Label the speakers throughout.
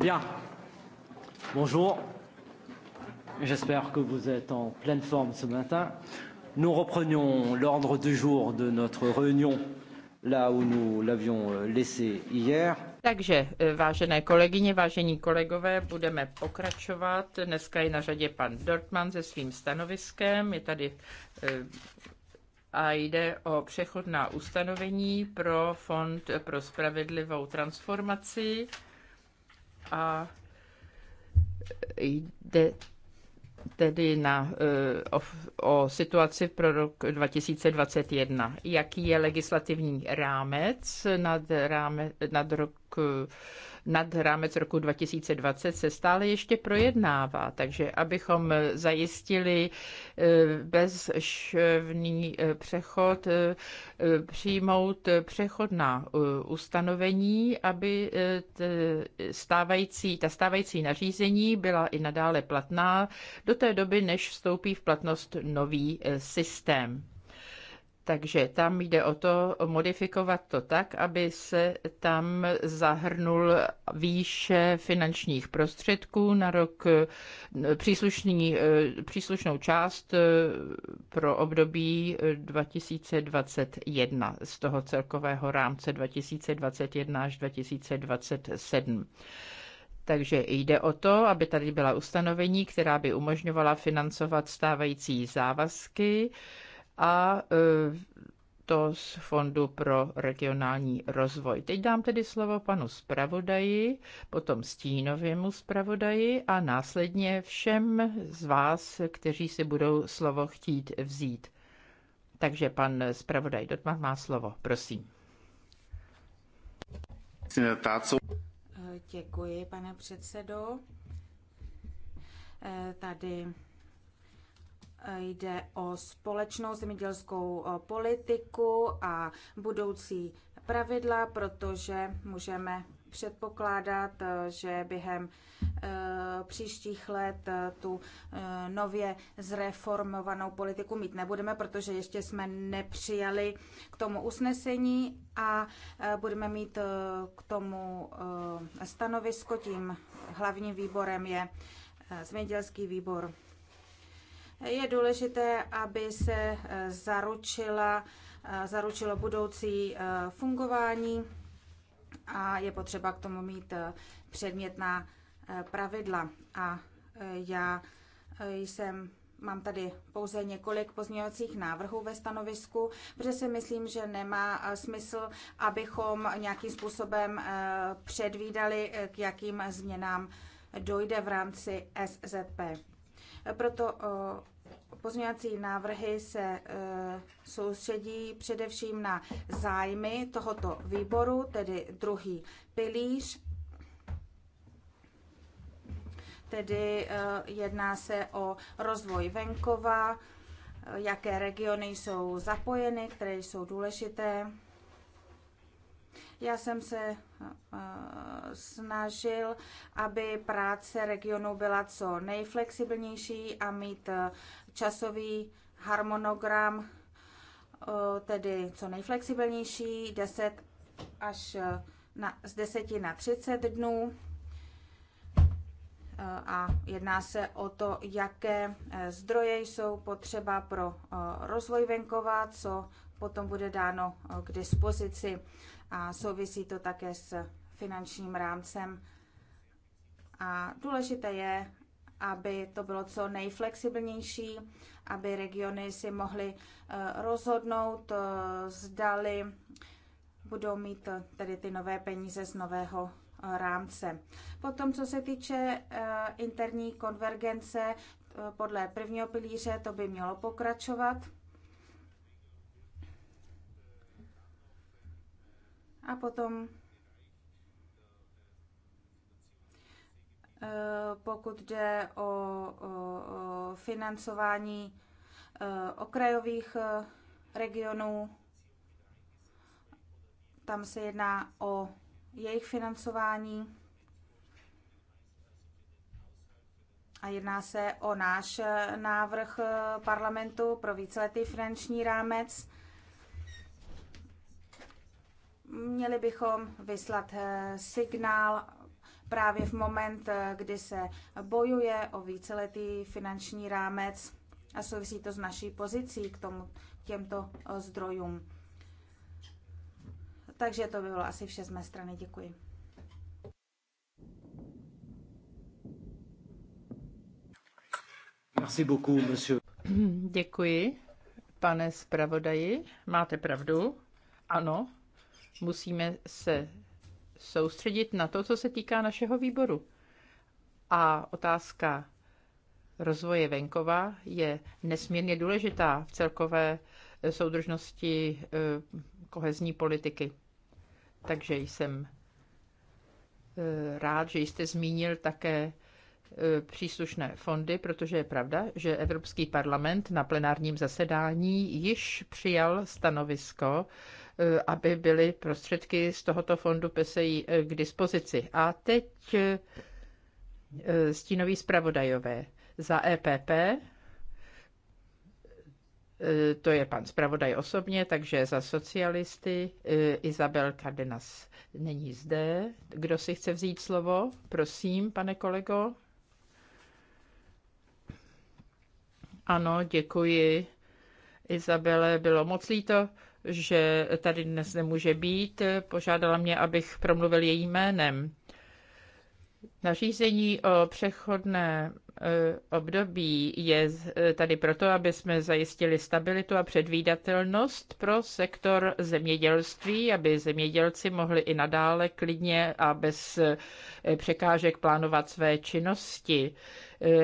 Speaker 1: Bien. Bonjour.
Speaker 2: J'espère que vous êtes en pleine forme ce matin. Nous reprenions l'ordre du jour de notre réunion là où nous l'avions euh, laissé hier. Takže, euh, vážené kolegyně, vážení kolegové, budeme pokračovat. Dneska je na řadě pan Dortman se svým stanoviskem. Je tady eh, a jde o přechodná ustanovení pro Fond pro spravedlivou transformaci a jde tedy na, eh, o, o situaci pro rok 2021. Jaký je legislativní rámec nad, rámec nad rok eh, nad rámec roku 2020 se stále ještě projednává. Takže abychom zajistili e, bezševný e, přechod, e, přijmout přechodná ustanovení, aby stávající, ta stávající nařízení byla i nadále platná do té doby, než vstoupí v platnost nový systém. Takže tam jde o to modifikovat to tak, aby se tam zahrnul výše finančních prostředků na rok eh, příslušný, eh, příslušnou část eh, pro období 2021 z toho celkového rámce 2021 až 2027. Takže jde o to, aby tady byla ustanovení, která by umožňovala financovat stávající závazky, a e, to z Fondu pro regionální rozvoj. Teď dám tedy slovo panu zpravodaji, potom stínovému zpravodaji a následně všem z vás, kteří si budou slovo chtít vzít. Takže pan zpravodaj Dotman má slovo, prosím.
Speaker 1: Děkuji, pane předsedo. E, tady Jde o společnou zemědělskou politiku a budoucí pravidla, protože můžeme předpokládat, e, že během e, příštích let e, tu nově zreformovanou politiku mít nebudeme, protože ještě jsme nepřijali k tomu usnesení a budeme mít k tomu stanovisko. Tím hlavním výborem je zemědělský výbor. Je důležité, aby se eh, zaručila, eh, zaručilo budoucí eh, fungování a je potřeba k tomu mít předmětná pravidla. A já jsem Mám tady pouze několik pozměňovacích návrhů ve stanovisku, protože si myslím, že nemá smysl, abychom nějakým způsobem předvídali, k jakým změnám dojde v rámci SZP. Proto pozměňovací návrhy se e, soustředí především na zájmy tohoto výboru, tedy druhý pilíř. Tedy e, jedná se o rozvoj venkova, e, jaké regiony jsou zapojeny, které jsou důležité já jsem se eh, snažil, aby práce regionu byla co nejflexibilnější a mít eh, časový harmonogram, eh, tedy co nejflexibilnější, 10 až na, z 10 na 30 dnů a jedná se o to, jaké zdroje jsou potřeba pro rozvoj venkova, co potom bude dáno k dispozici a souvisí to také s finančním rámcem. A důležité je, aby to bylo co nejflexibilnější, aby regiony si mohly eh, rozhodnout, eh, zdali budou mít eh, tedy ty nové peníze z nového rámce. Potom, co se týče interní konvergence podle prvního pilíře, to by mělo pokračovat. A potom, eh, pokud jde o financování eh, okrajových eh, regionů, tam se jedná o jejich financování a jedná se o náš návrh parlamentu pro víceletý finanční rámec. Měli bychom vyslat eh, signál právě v moment, eh, kdy se bojuje o víceletý finanční rámec a souvisí to s naší pozicí k, tomu, těmto eh, zdrojům. Takže to by bylo asi vše z mé strany. Děkuji.
Speaker 2: Merci beaucoup, monsieur. Děkuji, pane zpravodaji. Máte pravdu. Ano, Musíme se soustředit na to, co se týká našeho výboru. A otázka rozvoje venkova je nesmírně důležitá v celkové eh, soudržnosti eh, kohezní politiky. Takže jsem eh, rád, že jste zmínil také E, příslušné fondy, protože je pravda, že Evropský parlament na plenárním zasedání již přijal stanovisko, e, aby byly prostředky z tohoto fondu PSI e, k dispozici. A teď stínový zpravodajové za EPP, to je pan zpravodaj osobně, takže za socialisty Izabel Cardenas není zde. Kdo si chce vzít slovo? Prosím, pane kolego. Ano, děkuji. Izabele, bylo moc líto, že tady dnes nemůže být. Požádala mě, abych promluvil její jménem. Nařízení o přechodné e, období je e, tady proto, aby jsme zajistili stabilitu a předvídatelnost pro sektor zemědělství, aby zemědělci mohli i nadále klidně a bez e, překážek plánovat své činnosti.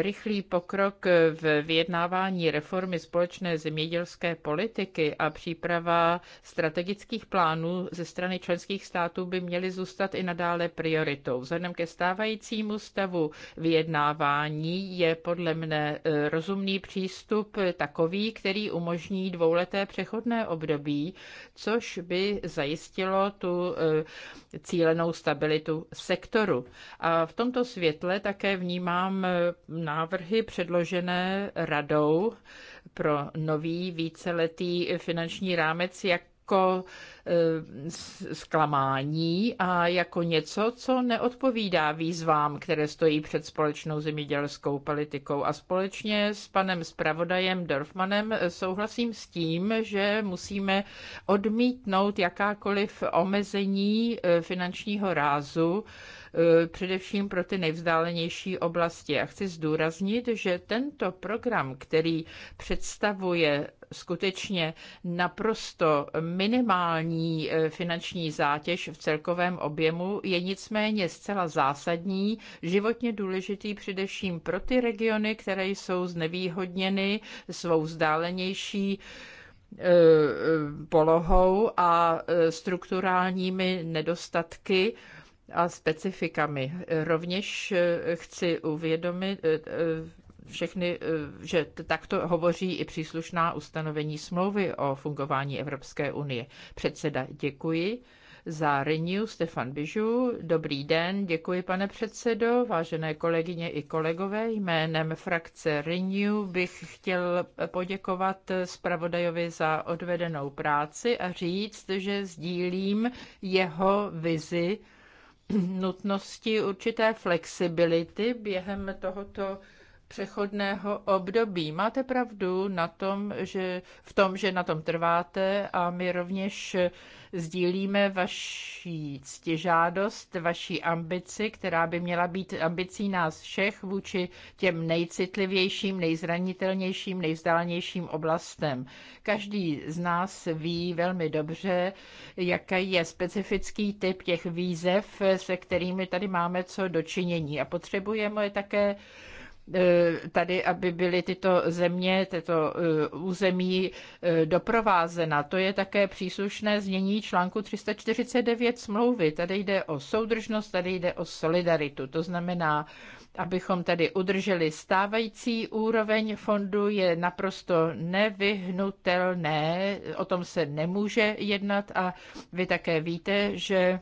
Speaker 2: Rychlý pokrok v vyjednávání reformy společné zemědělské politiky a příprava strategických plánů ze strany členských států by měly zůstat i nadále prioritou. Vzhledem ke stávajícímu stavu vyjednávání je podle mne eh, rozumný přístup takový, který umožní dvouleté přechodné období, což by zajistilo tu eh, cílenou stabilitu sektoru. A v tomto světle také vnímám eh, návrhy předložené radou pro nový víceletý finanční rámec jako eh, zklamání a jako něco, co neodpovídá výzvám, které stojí před společnou zemědělskou politikou. A společně s panem zpravodajem Dorfmanem souhlasím s tím, že musíme odmítnout jakákoliv omezení eh, finančního rázu, Eh, především pro ty nejvzdálenější oblasti. A chci zdůraznit, že tento program, který představuje skutečně naprosto minimální eh, finanční zátěž v celkovém objemu, je nicméně zcela zásadní, životně důležitý především pro ty regiony, které jsou znevýhodněny svou vzdálenější eh, polohou a strukturálními nedostatky a specifikami. Rovněž eh, chci uvědomit eh, eh, všechny, že takto hovoří i příslušná ustanovení smlouvy o fungování Evropské unie. Předseda, děkuji. Za Renew Stefan Bižu. Dobrý den, děkuji pane předsedo, vážené kolegyně i kolegové. Jménem frakce Renew bych chtěl poděkovat zpravodajovi za odvedenou práci a říct, že sdílím jeho vizi nutnosti určité flexibility během tohoto přechodného období. Máte pravdu na tom, že, v tom, že na tom trváte a my rovněž sdílíme vaši ctižádost, vaší ambici, která by měla být ambicí nás všech vůči těm nejcitlivějším, nejzranitelnějším, nejzdálnějším oblastem. Každý z nás ví velmi dobře, jaký je specifický typ těch výzev, se kterými tady máme co dočinění a potřebujeme je také E, tady, aby byly tyto země, tyto e, území e, doprovázena. To je také příslušné znění článku 349 smlouvy. Tady jde o soudržnost, tady jde o solidaritu. To znamená, abychom tady udrželi stávající úroveň fondu, je naprosto nevyhnutelné, o tom se nemůže jednat a vy také víte, že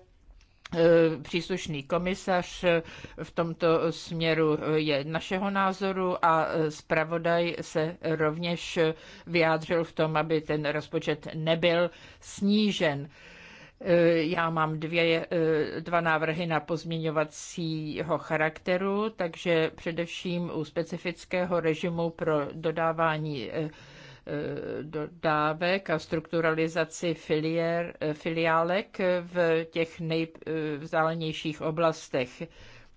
Speaker 2: Eh, příslušný komisař eh, v tomto směru eh, je našeho názoru a zpravodaj se rovněž vyjádřil v tom, aby ten rozpočet nebyl snížen. Já mám dvě, dva návrhy na pozměňovacího charakteru, takže především u specifického režimu pro dodávání dodávek a strukturalizaci filiér, filiálek v těch nejvzdálenějších oblastech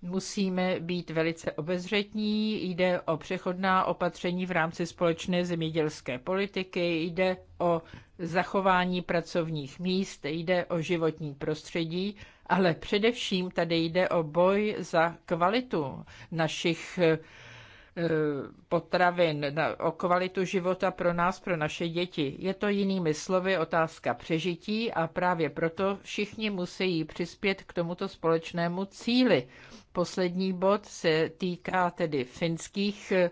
Speaker 2: musíme být velice obezřetní. Jde o přechodná opatření v rámci společné zemědělské politiky, jde o zachování pracovních míst, jde o životní prostředí, ale především tady jde o boj za kvalitu našich Eh, potravin, o kvalitu života pro nás, pro naše děti. Je to jinými slovy otázka přežití a právě proto všichni musí přispět k tomuto společnému cíli. Poslední bod se týká tedy finských eh,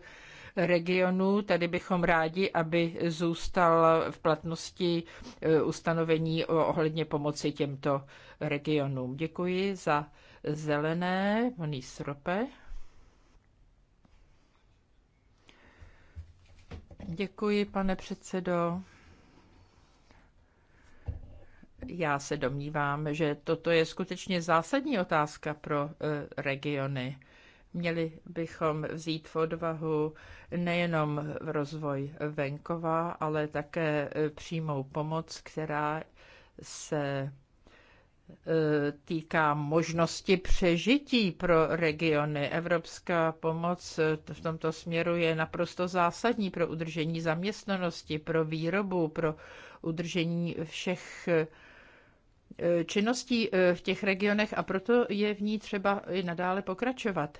Speaker 2: regionů. Tady bychom rádi, aby zůstal v platnosti eh, ustanovení ohledně pomoci těmto regionům. Děkuji za zelené, paní Srope. Děkuji, pane předsedo. Já se domnívám, že toto je skutečně zásadní otázka pro eh, regiony. Měli bychom vzít v odvahu nejenom v rozvoj venkova, ale také eh, přímou pomoc, která se týká možnosti přežití pro regiony. Evropská pomoc v tomto směru je naprosto zásadní pro udržení zaměstnanosti, pro výrobu, pro udržení všech eh, činností eh, v těch regionech a proto je v ní třeba i nadále pokračovat.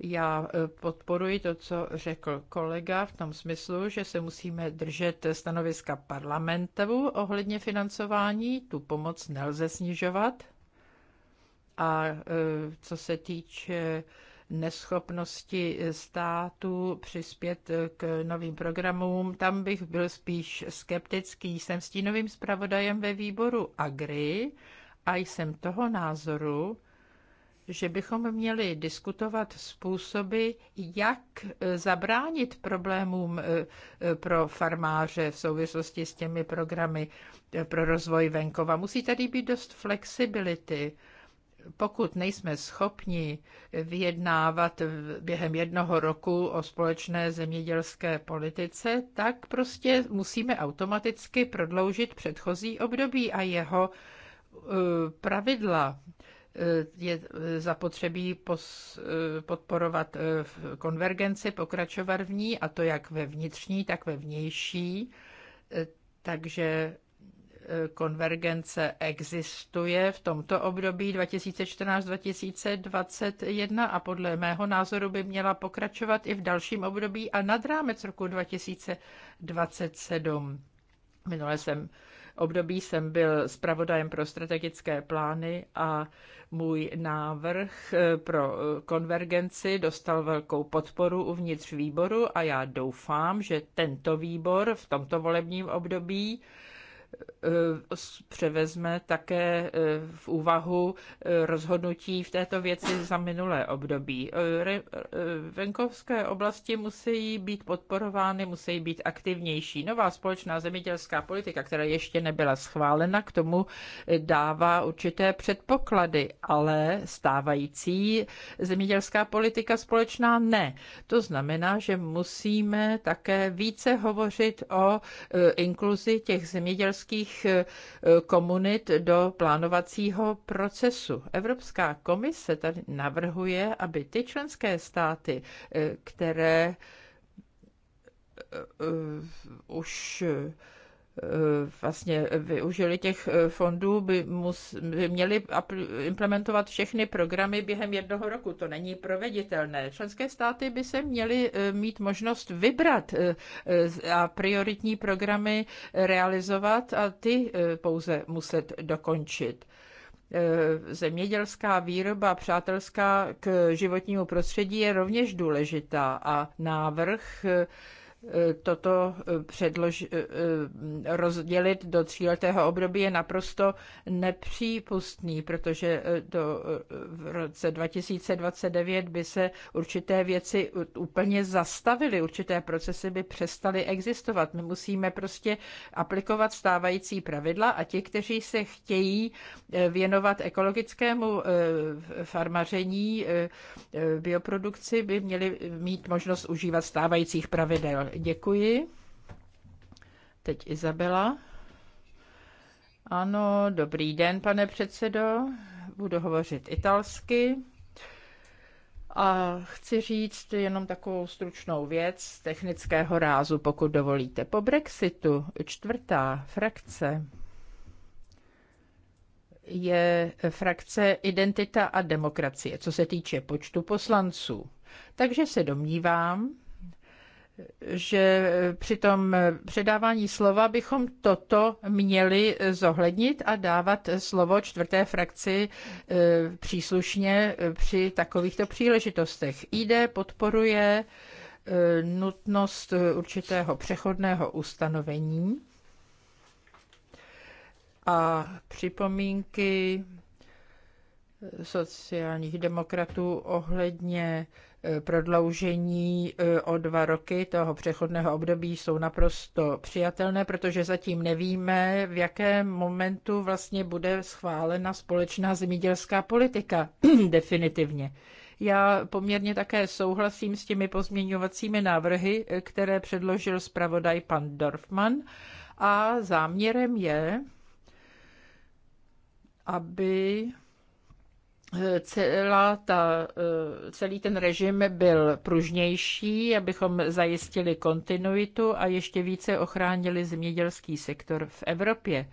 Speaker 2: Já e, podporuji to, co řekl kolega v tom smyslu, že se musíme držet stanoviska parlamentu ohledně financování. Tu pomoc nelze snižovat. A e, co se týče neschopnosti státu přispět k novým programům. Tam bych byl spíš skeptický. Jsem stínovým zpravodajem ve výboru Agri a jsem toho názoru, že bychom měli diskutovat způsoby, jak e, zabránit problémům e, e, pro farmáře v souvislosti s těmi programy pro rozvoj venkova. Musí tady být dost flexibility pokud nejsme schopni vyjednávat během jednoho roku o společné zemědělské politice, tak prostě musíme automaticky prodloužit předchozí období a jeho pravidla je zapotřebí podporovat e, konvergenci, pokračovat v ní, a to jak ve vnitřní, tak ve vnější. E, takže e, konvergence existuje v tomto období 2014-2021 a podle mého názoru by měla pokračovat i v dalším období a nad rámec roku 2027. Minule jsem období jsem byl zpravodajem pro strategické plány a můj návrh eh, pro eh, konvergenci dostal velkou podporu uvnitř výboru a já doufám, že tento výbor v tomto volebním období Eh, převezme také eh, v úvahu eh, rozhodnutí v této věci za minulé období. Venkovské oblasti musí být podporovány, musí být aktivnější. Nová společná zemědělská politika, která ještě nebyla schválena, k tomu dává určité předpoklady, ale stávající zemědělská politika společná ne. To znamená, že musíme také více hovořit o inkluzi těch zemědělských zemědělských eh, komunit do plánovacího procesu. Evropská komise tady navrhuje, aby ty členské státy, eh, které eh, už Eh, vlastně využili těch eh, fondů, by, mus, by měli implementovat všechny programy během jednoho roku. To není proveditelné. Členské státy by se měly eh, mít možnost vybrat a prioritní programy realizovat a ty pouze muset dokončit zemědělská výroba přátelská k životnímu prostředí je rovněž důležitá a návrh toto eh, předlož, eh, eh, rozdělit do tříletého období je naprosto nepřípustný, protože do, v roce 2029 by se určité věci úplně zastavily, určité procesy by přestaly existovat. My musíme prostě aplikovat stávající pravidla a ti, kteří se chtějí věnovat ekologickému farmaření, bioprodukci, by měli mít možnost užívat stávajících pravidel. Děkuji. Teď Izabela. Ano, dobrý den, pane předsedo. Budu hovořit italsky. A chci říct jenom takovou stručnou věc technického rázu, pokud dovolíte. Po Brexitu čtvrtá frakce je frakce Identita a demokracie, co se týče počtu poslanců. Takže se domnívám, že při tom předávání slova bychom toto měli zohlednit a dávat slovo čtvrté frakci e, příslušně e, při takovýchto příležitostech. ID podporuje e, nutnost určitého přechodného ustanovení a připomínky sociálních demokratů ohledně eh, prodloužení eh, o dva roky toho přechodného období jsou naprosto přijatelné, protože zatím nevíme, v jakém momentu vlastně bude schválena společná zemědělská politika definitivně. Já poměrně také souhlasím s těmi pozměňovacími návrhy, eh, které předložil zpravodaj pan Dorfman a záměrem je, aby celá ta, eh, celý ten režim byl pružnější, abychom zajistili kontinuitu a ještě více ochránili zemědělský sektor v Evropě.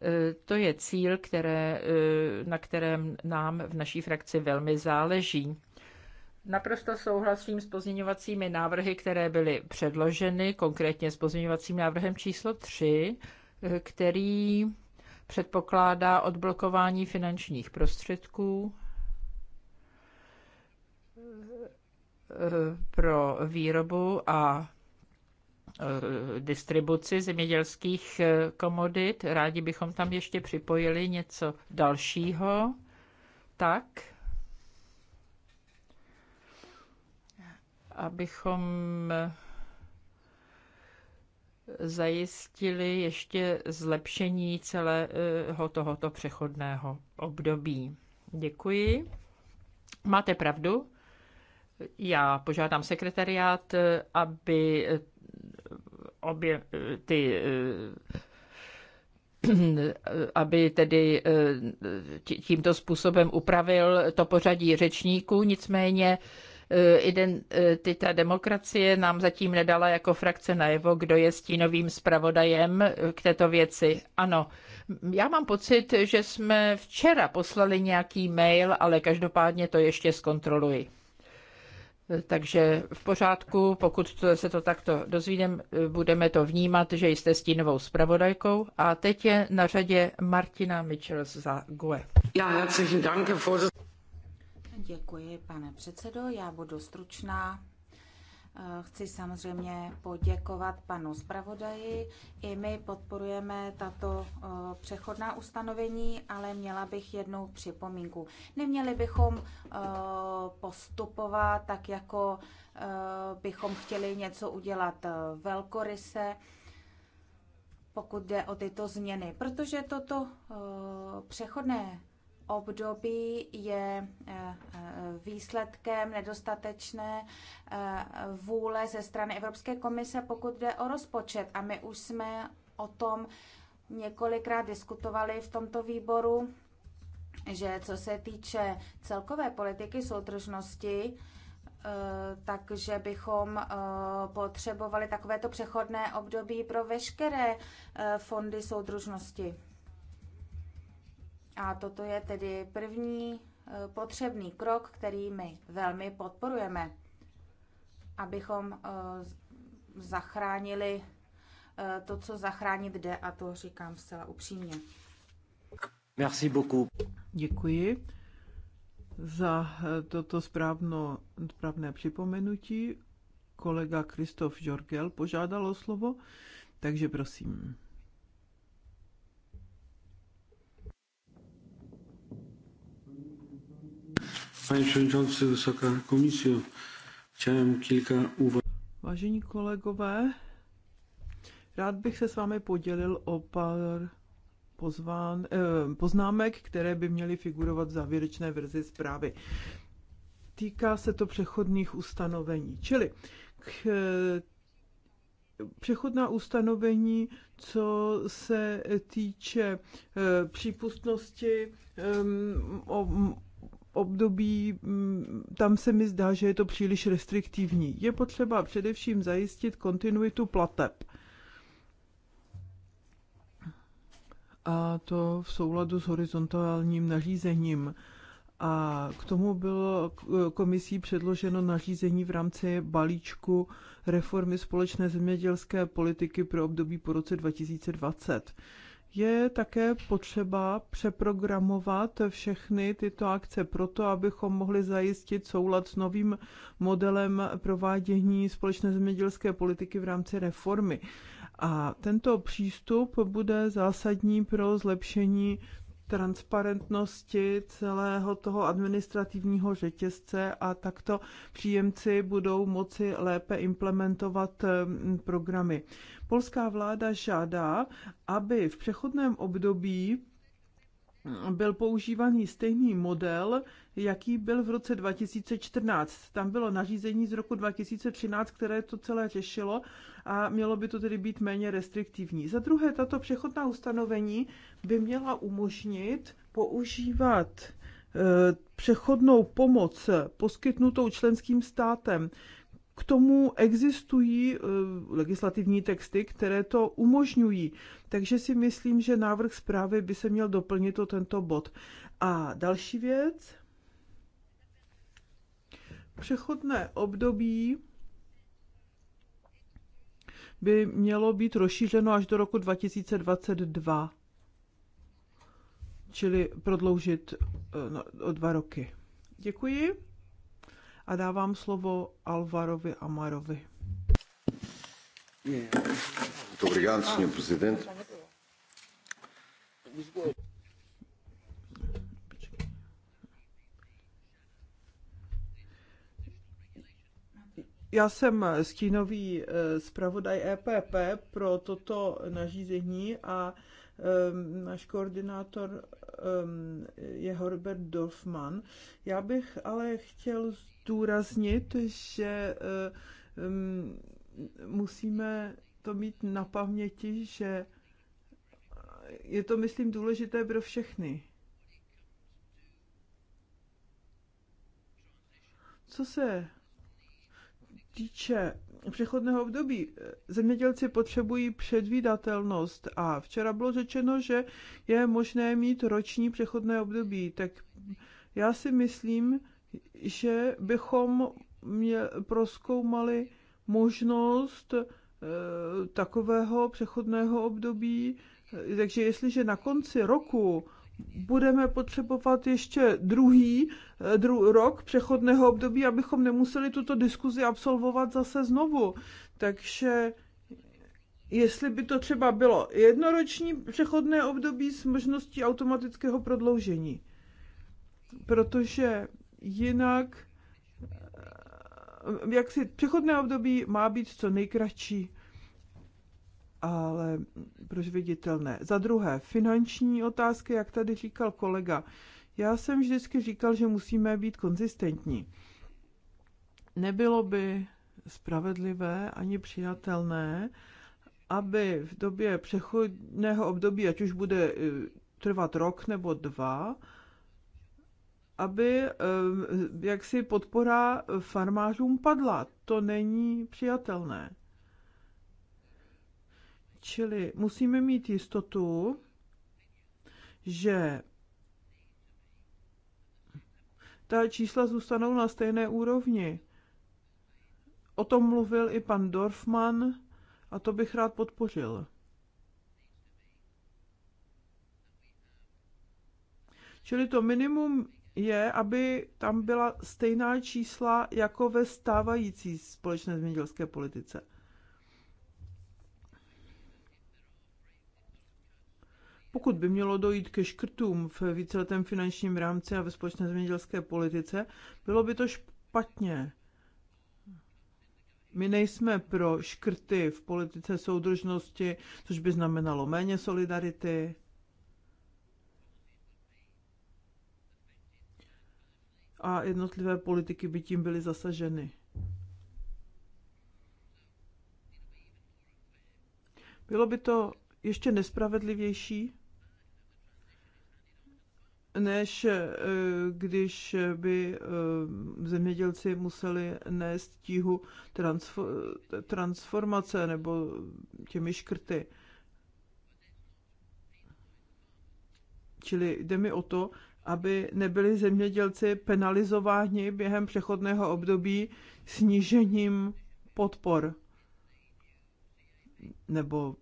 Speaker 2: Eh, to je cíl, které, eh, na kterém nám v naší frakci velmi záleží. Naprosto souhlasím s pozměňovacími návrhy, které byly předloženy, konkrétně s pozměňovacím návrhem číslo 3, který předpokládá odblokování finančních prostředků eh, pro výrobu a eh, distribuci zemědělských eh, komodit. Rádi bychom tam ještě připojili něco dalšího. Tak, abychom zajistili ještě zlepšení celého tohoto přechodného období. Děkuji. Máte pravdu. Já požádám sekretariát, aby eh, obě eh, ty eh, aby tedy tímto způsobem upravil to pořadí řečníků. Nicméně Eh, Identita eh, demokracie nám zatím nedala jako frakce najevo, kdo je stínovým zpravodajem eh, k této věci. Ano, já mám pocit, že jsme včera poslali nějaký mail, ale každopádně to ještě zkontroluji. Takže v pořádku, pokud to, se to takto dozvídem, budeme to vnímat, že jste stínovou zpravodajkou. A teď je na řadě Martina Mitchell za GUE. Já herzlichen danke,
Speaker 1: Děkuji, pane předsedo. Já budu stručná. Eh, chci samozřejmě poděkovat panu zpravodaji. I my podporujeme tato eh, přechodná ustanovení, ale měla bych jednu připomínku. Neměli bychom eh, postupovat tak, jako bychom chtěli něco udělat velkoryse, pokud jde o tyto změny, protože toto přechodné období je eh, výsledkem nedostatečné eh, vůle ze strany Evropské komise, pokud jde o rozpočet. A my už jsme o tom několikrát diskutovali v tomto výboru, že co se týče celkové politiky soudržnosti, eh, takže bychom potřebovali takovéto přechodné období pro veškeré fondy soudružnosti. A toto je tedy první eh, potřebný krok, který my velmi podporujeme, abychom eh, zachránili eh, to, co zachránit jde, a to říkám zcela upřímně.
Speaker 2: Merci beaucoup.
Speaker 3: Děkuji za toto správno, správné připomenutí. Kolega Kristof Jorgel požádal o slovo, takže prosím. Pane předsedající, vysoká komisio, chtěl kilka úvah. Vážení kolegové, rád bych se s vámi podělil o pár pozván, eh, poznámek, které by měly figurovat v závěrečné verzi zprávy. Týká se to přechodných ustanovení, čili k, přechodná ustanovení, co se týče eh, přípustnosti ehm, období mm, tam se mi zdá, že je to příliš restriktivní. Je potřeba především zajistit kontinuitu plateb. A to v souladu s horizontálním nařízením. A k tomu bylo komisí předloženo nařízení v rámci balíčku reformy společné zemědělské politiky pro období po roce 2020 je také potřeba přeprogramovat všechny tyto akce proto, abychom mohli zajistit soulad s novým modelem provádění společné zemědělské politiky v rámci reformy. A tento přístup bude zásadní pro zlepšení transparentnosti celého toho administrativního řetězce a takto příjemci budou moci lépe implementovat programy. Polská vláda žádá, aby v přechodném období byl používaný stejný model, jaký byl v roce 2014. Tam bylo nařízení z roku 2013, které to celé řešilo a mělo by to tedy být méně restriktivní. Za druhé, tato přechodná ustanovení by měla umožnit používat eh, přechodnou pomoc poskytnutou členským státem k tomu existují eh, legislativní texty, které to umožňují. Takže si myslím, že návrh zprávy by se měl doplnit o tento bod. A další věc. Přechodné období by mělo být rozšířeno až do roku 2022, čili prodloužit eh, no, o dva roky. Děkuji a dávám slovo Alvarovi Amarovi.
Speaker 2: Muito obrigado, pane prezident.
Speaker 3: Já jsem stínový eh, zpravodaj EPP pro toto nařízení a eh, náš koordinátor Um, je Herbert Dorfman. Já bych ale chtěl zdůraznit, že um, musíme to mít na paměti, že je to, myslím, důležité pro všechny. Co se týče přechodného období. Zemědělci potřebují předvídatelnost a včera bylo řečeno, že je možné mít roční přechodné období, tak já si myslím, že bychom mě proskoumali možnost eh, takového přechodného období, takže jestliže na konci roku budeme potřebovat ještě druhý eh, dru, rok přechodného období, abychom nemuseli tuto diskuzi absolvovat zase znovu. Takže jestli by to třeba bylo jednoroční přechodné období s možností automatického prodloužení. Protože jinak eh, jak si přechodné období má být co nejkratší ale proč viditelné. Za druhé, finanční otázky, jak tady říkal kolega. Já jsem vždycky říkal, že musíme být konzistentní. Nebylo by spravedlivé ani přijatelné, aby v době přechodného období, ať už bude e, trvat rok nebo dva, aby e, jaksi podpora farmářům padla. To není přijatelné. Čili musíme mít jistotu, že ta čísla zůstanou na stejné úrovni. O tom mluvil i pan Dorfman a to bych rád podpořil. Čili to minimum je, aby tam byla stejná čísla jako ve stávající společné zemědělské politice. Pokud by mělo dojít ke škrtům v víceletém finančním rámci a ve společné zemědělské politice, bylo by to špatně. My nejsme pro škrty v politice soudržnosti, což by znamenalo méně solidarity. A jednotlivé politiky by tím byly zasaženy. Bylo by to ještě nespravedlivější, než eh, když by eh, zemědělci museli nést tíhu transformace nebo těmi škrty. Čili jde mi o to, aby nebyli zemědělci penalizováni během přechodného období snížením podpor nebo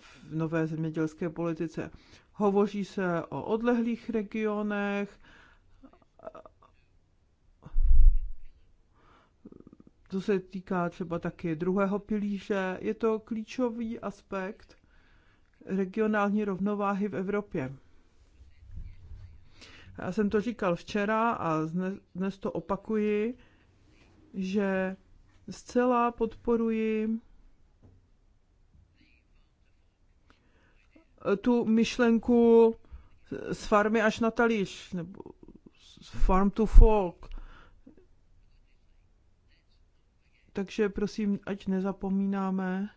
Speaker 3: v nové zemědělské politice. Hovoří se o odlehlých regionech, co se týká třeba taky druhého pilíře. Je to klíčový aspekt regionální rovnováhy v Evropě. Já jsem to říkal včera a dnes to opakuji, že zcela podporuji tu myšlenku z farmy až na talíř, nebo z farm to folk. Takže prosím, ať nezapomínáme,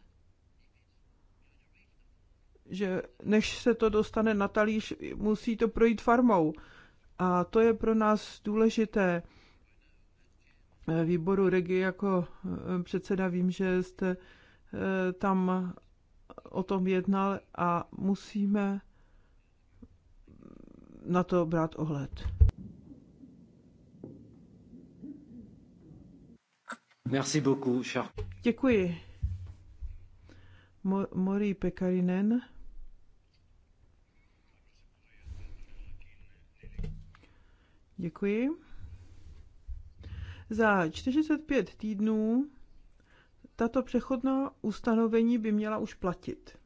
Speaker 3: že než se to dostane na talíř, musí to projít farmou. A to je pro nás důležité. Výboru Regi jako eh, předseda vím, že jste eh, tam o tom jednal a musíme na to brát ohled.
Speaker 2: Merci beaucoup, cher.
Speaker 3: Děkuji. Mori Pekarinen. Děkuji. Za 45 týdnů tato přechodná ustanovení by měla už platit.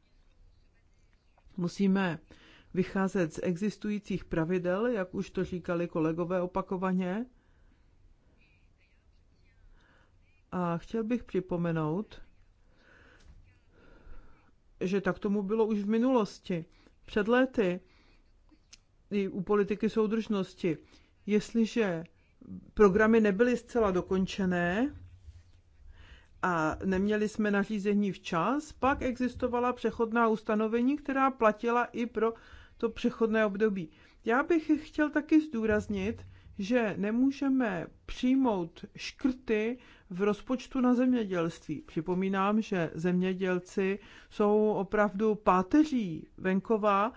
Speaker 3: Musíme vycházet z existujících pravidel, jak už to říkali kolegové opakovaně. A chtěl bych připomenout, že tak tomu bylo už v minulosti. Před léty, i u politiky soudržnosti, jestliže programy nebyly zcela dokončené, a neměli jsme nařízení včas, pak existovala přechodná ustanovení, která platila i pro to přechodné období. Já bych chtěl taky zdůraznit, že nemůžeme přijmout škrty v rozpočtu na zemědělství. Připomínám, že zemědělci jsou opravdu páteří venkova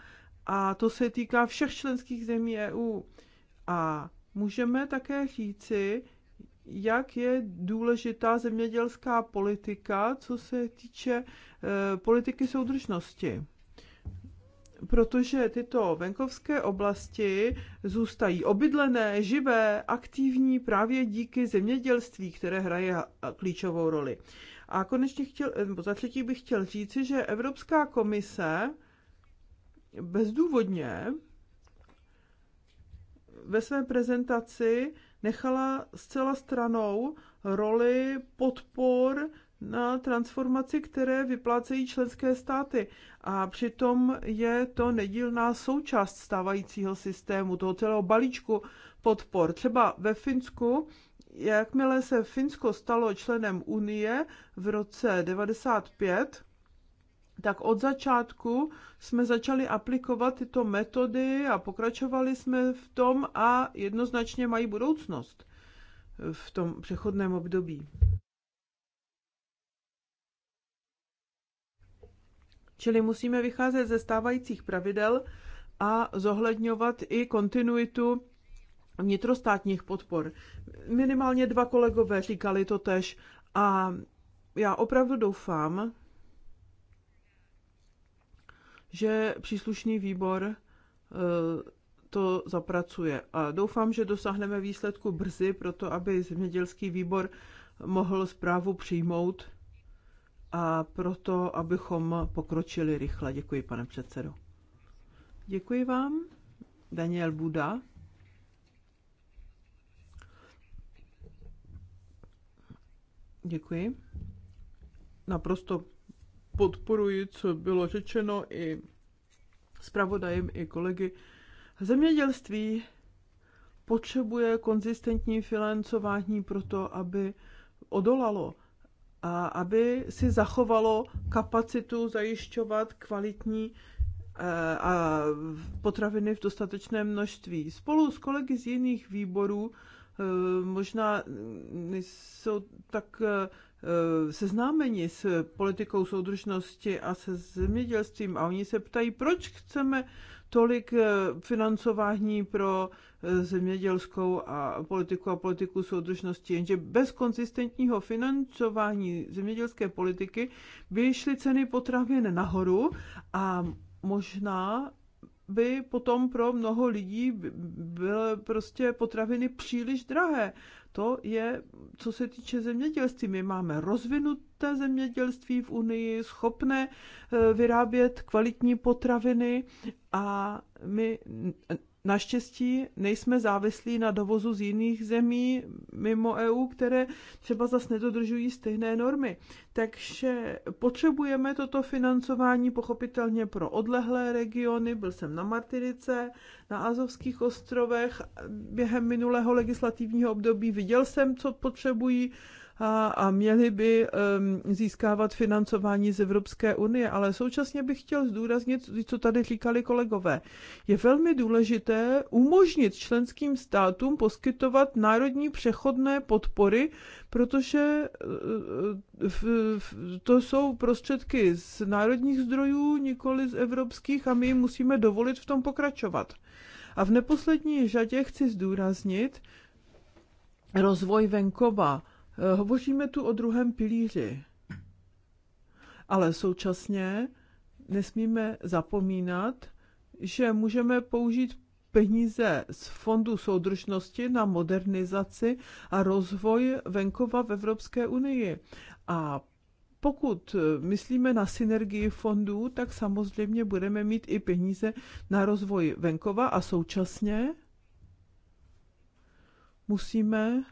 Speaker 3: a to se týká všech členských zemí EU. A můžeme také říci, jak je důležitá zemědělská politika, co se týče eh, politiky soudržnosti protože tyto venkovské oblasti zůstají obydlené, živé, aktivní právě díky zemědělství, které hraje klíčovou roli. A konečně chtěl, eh, nebo za třetí bych chtěl říci, že Evropská komise bezdůvodně ve své prezentaci nechala zcela stranou roli podpor na transformaci, které vyplácejí členské státy. A přitom je to nedílná součást stávajícího systému, toho celého balíčku podpor. Třeba ve Finsku, jakmile se Finsko stalo členem Unie v roce 95, tak od začátku jsme začali aplikovat tyto metody a pokračovali jsme v tom a jednoznačně mají budoucnost v tom přechodném období. Čili musíme vycházet ze stávajících pravidel a zohledňovat i kontinuitu vnitrostátních podpor. Minimálně dva kolegové říkali to tež a já opravdu doufám, že příslušný výbor eh, to zapracuje. A doufám, že dosáhneme výsledku brzy, proto aby zemědělský výbor mohl zprávu přijmout a proto, abychom pokročili rychle. Děkuji, pane předsedo. Děkuji vám. Daniel Buda. Děkuji. Naprosto podporuji, co bylo řečeno i zpravodajem, i kolegy. Zemědělství potřebuje konzistentní financování pro to, aby odolalo a aby si zachovalo kapacitu zajišťovat kvalitní eh, a potraviny v dostatečném množství. Spolu s kolegy z jiných výborů eh, možná nejsou mm, tak eh, Eh, seznámeni s politikou soudržnosti a se zemědělstvím a oni se ptají, proč chceme tolik eh, financování pro eh, zemědělskou a politiku a politiku soudržnosti, jenže bez konzistentního financování zemědělské politiky by šly ceny potravin nahoru a možná by potom pro mnoho lidí byly prostě potraviny příliš drahé. To je, co se týče zemědělství. My máme rozvinuté zemědělství v Unii, schopné eh, vyrábět kvalitní potraviny a my Naštěstí nejsme závislí na dovozu z jiných zemí mimo EU, které třeba zase nedodržují stejné normy. Takže potřebujeme toto financování pochopitelně pro odlehlé regiony. Byl jsem na Martinice, na Azovských ostrovech během minulého legislativního období. Viděl jsem, co potřebují a, a měli by um, získávat financování z Evropské unie. Ale současně bych chtěl zdůraznit, co tady říkali kolegové. Je velmi důležité umožnit členským státům poskytovat národní přechodné podpory, protože e, e, to jsou prostředky z národních zdrojů, nikoli z evropských a my jim musíme dovolit v tom pokračovat. A v neposlední řadě chci zdůraznit rozvoj venkova Eh, hovoříme tu o druhém pilíři, ale současně nesmíme zapomínat, že můžeme použít peníze z Fondu soudržnosti na modernizaci a rozvoj venkova v Evropské unii. A pokud eh, myslíme na synergii fondů, tak samozřejmě budeme mít i peníze na rozvoj venkova a současně musíme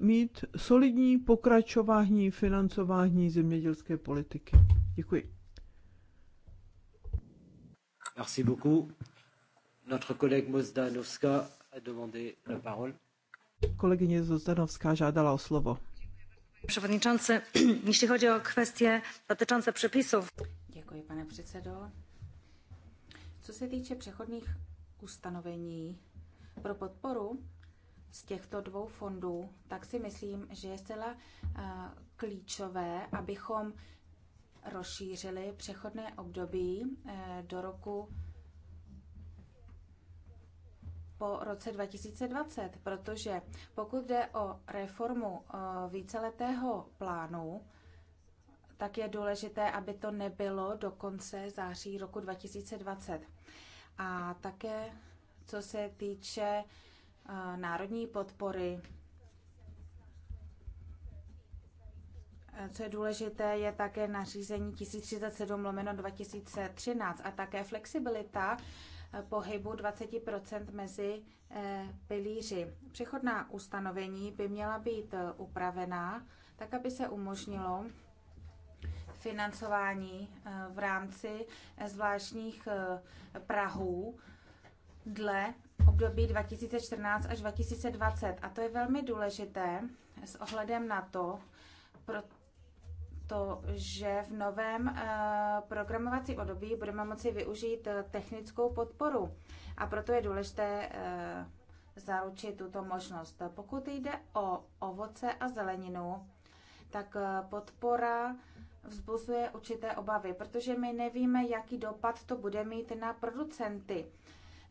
Speaker 3: mít solidní pokračování financování zemědělské politiky. Děkuji. Merci beaucoup. Notre collègue Mozdanovská
Speaker 1: a demandé la parole.
Speaker 3: Kolegyně Zozdanovská žádala o slovo.
Speaker 1: Przewodniczący, jeśli chodzi o kwestie dotyczące przepisów. Dziękuję, pane předsedo. Co się týče przechodnich ustanowień pro podporu z těchto dvou fondů, tak si myslím, že je zcela eh, klíčové, abychom rozšířili přechodné období eh, do roku po roce 2020, protože pokud jde o reformu eh, víceletého plánu, tak je důležité, aby to nebylo do konce září roku 2020. A také, co se týče uh, národní podpory. Co je důležité, je také nařízení 1037 lomeno 2013 a také flexibilita pohybu 20 mezi e, pilíři. Přechodná ustanovení by měla být e, upravená tak, aby se umožnilo financování e, v rámci zvláštních Prahů dle období 2014 až 2020. A to je velmi důležité s ohledem na to, protože v novém eh, programovací období budeme moci využít eh, technickou podporu. A proto je důležité eh, zaručit tuto možnost. Pokud jde o ovoce a zeleninu, tak podpora vzbuzuje určité obavy, protože my nevíme, jaký dopad to bude mít na producenty.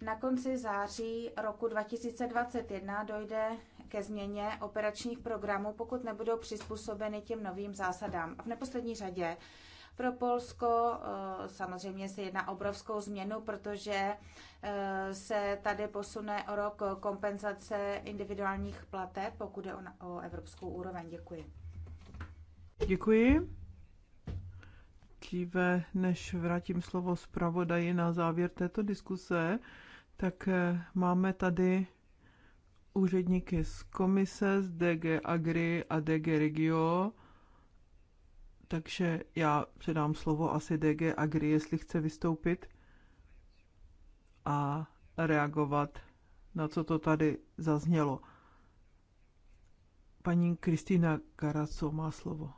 Speaker 1: Na konci září roku 2021 dojde ke změně operačních programů, pokud nebudou přizpůsobeny těm novým zásadám. A v neposlední řadě pro Polsko eh, samozřejmě se jedná obrovskou změnu, protože eh, se tady posune o rok kompenzace individuálních plateb, pokud je o evropskou úroveň. Děkuji.
Speaker 3: Děkuji. Dříve než vrátím slovo zpravodaji na závěr této diskuse, tak eh, máme tady úředníky z komise, z DG Agri a DG Regio, takže já předám slovo asi DG Agri, jestli chce vystoupit a reagovat na co to tady zaznělo. Paní Kristýna Karaco má slovo.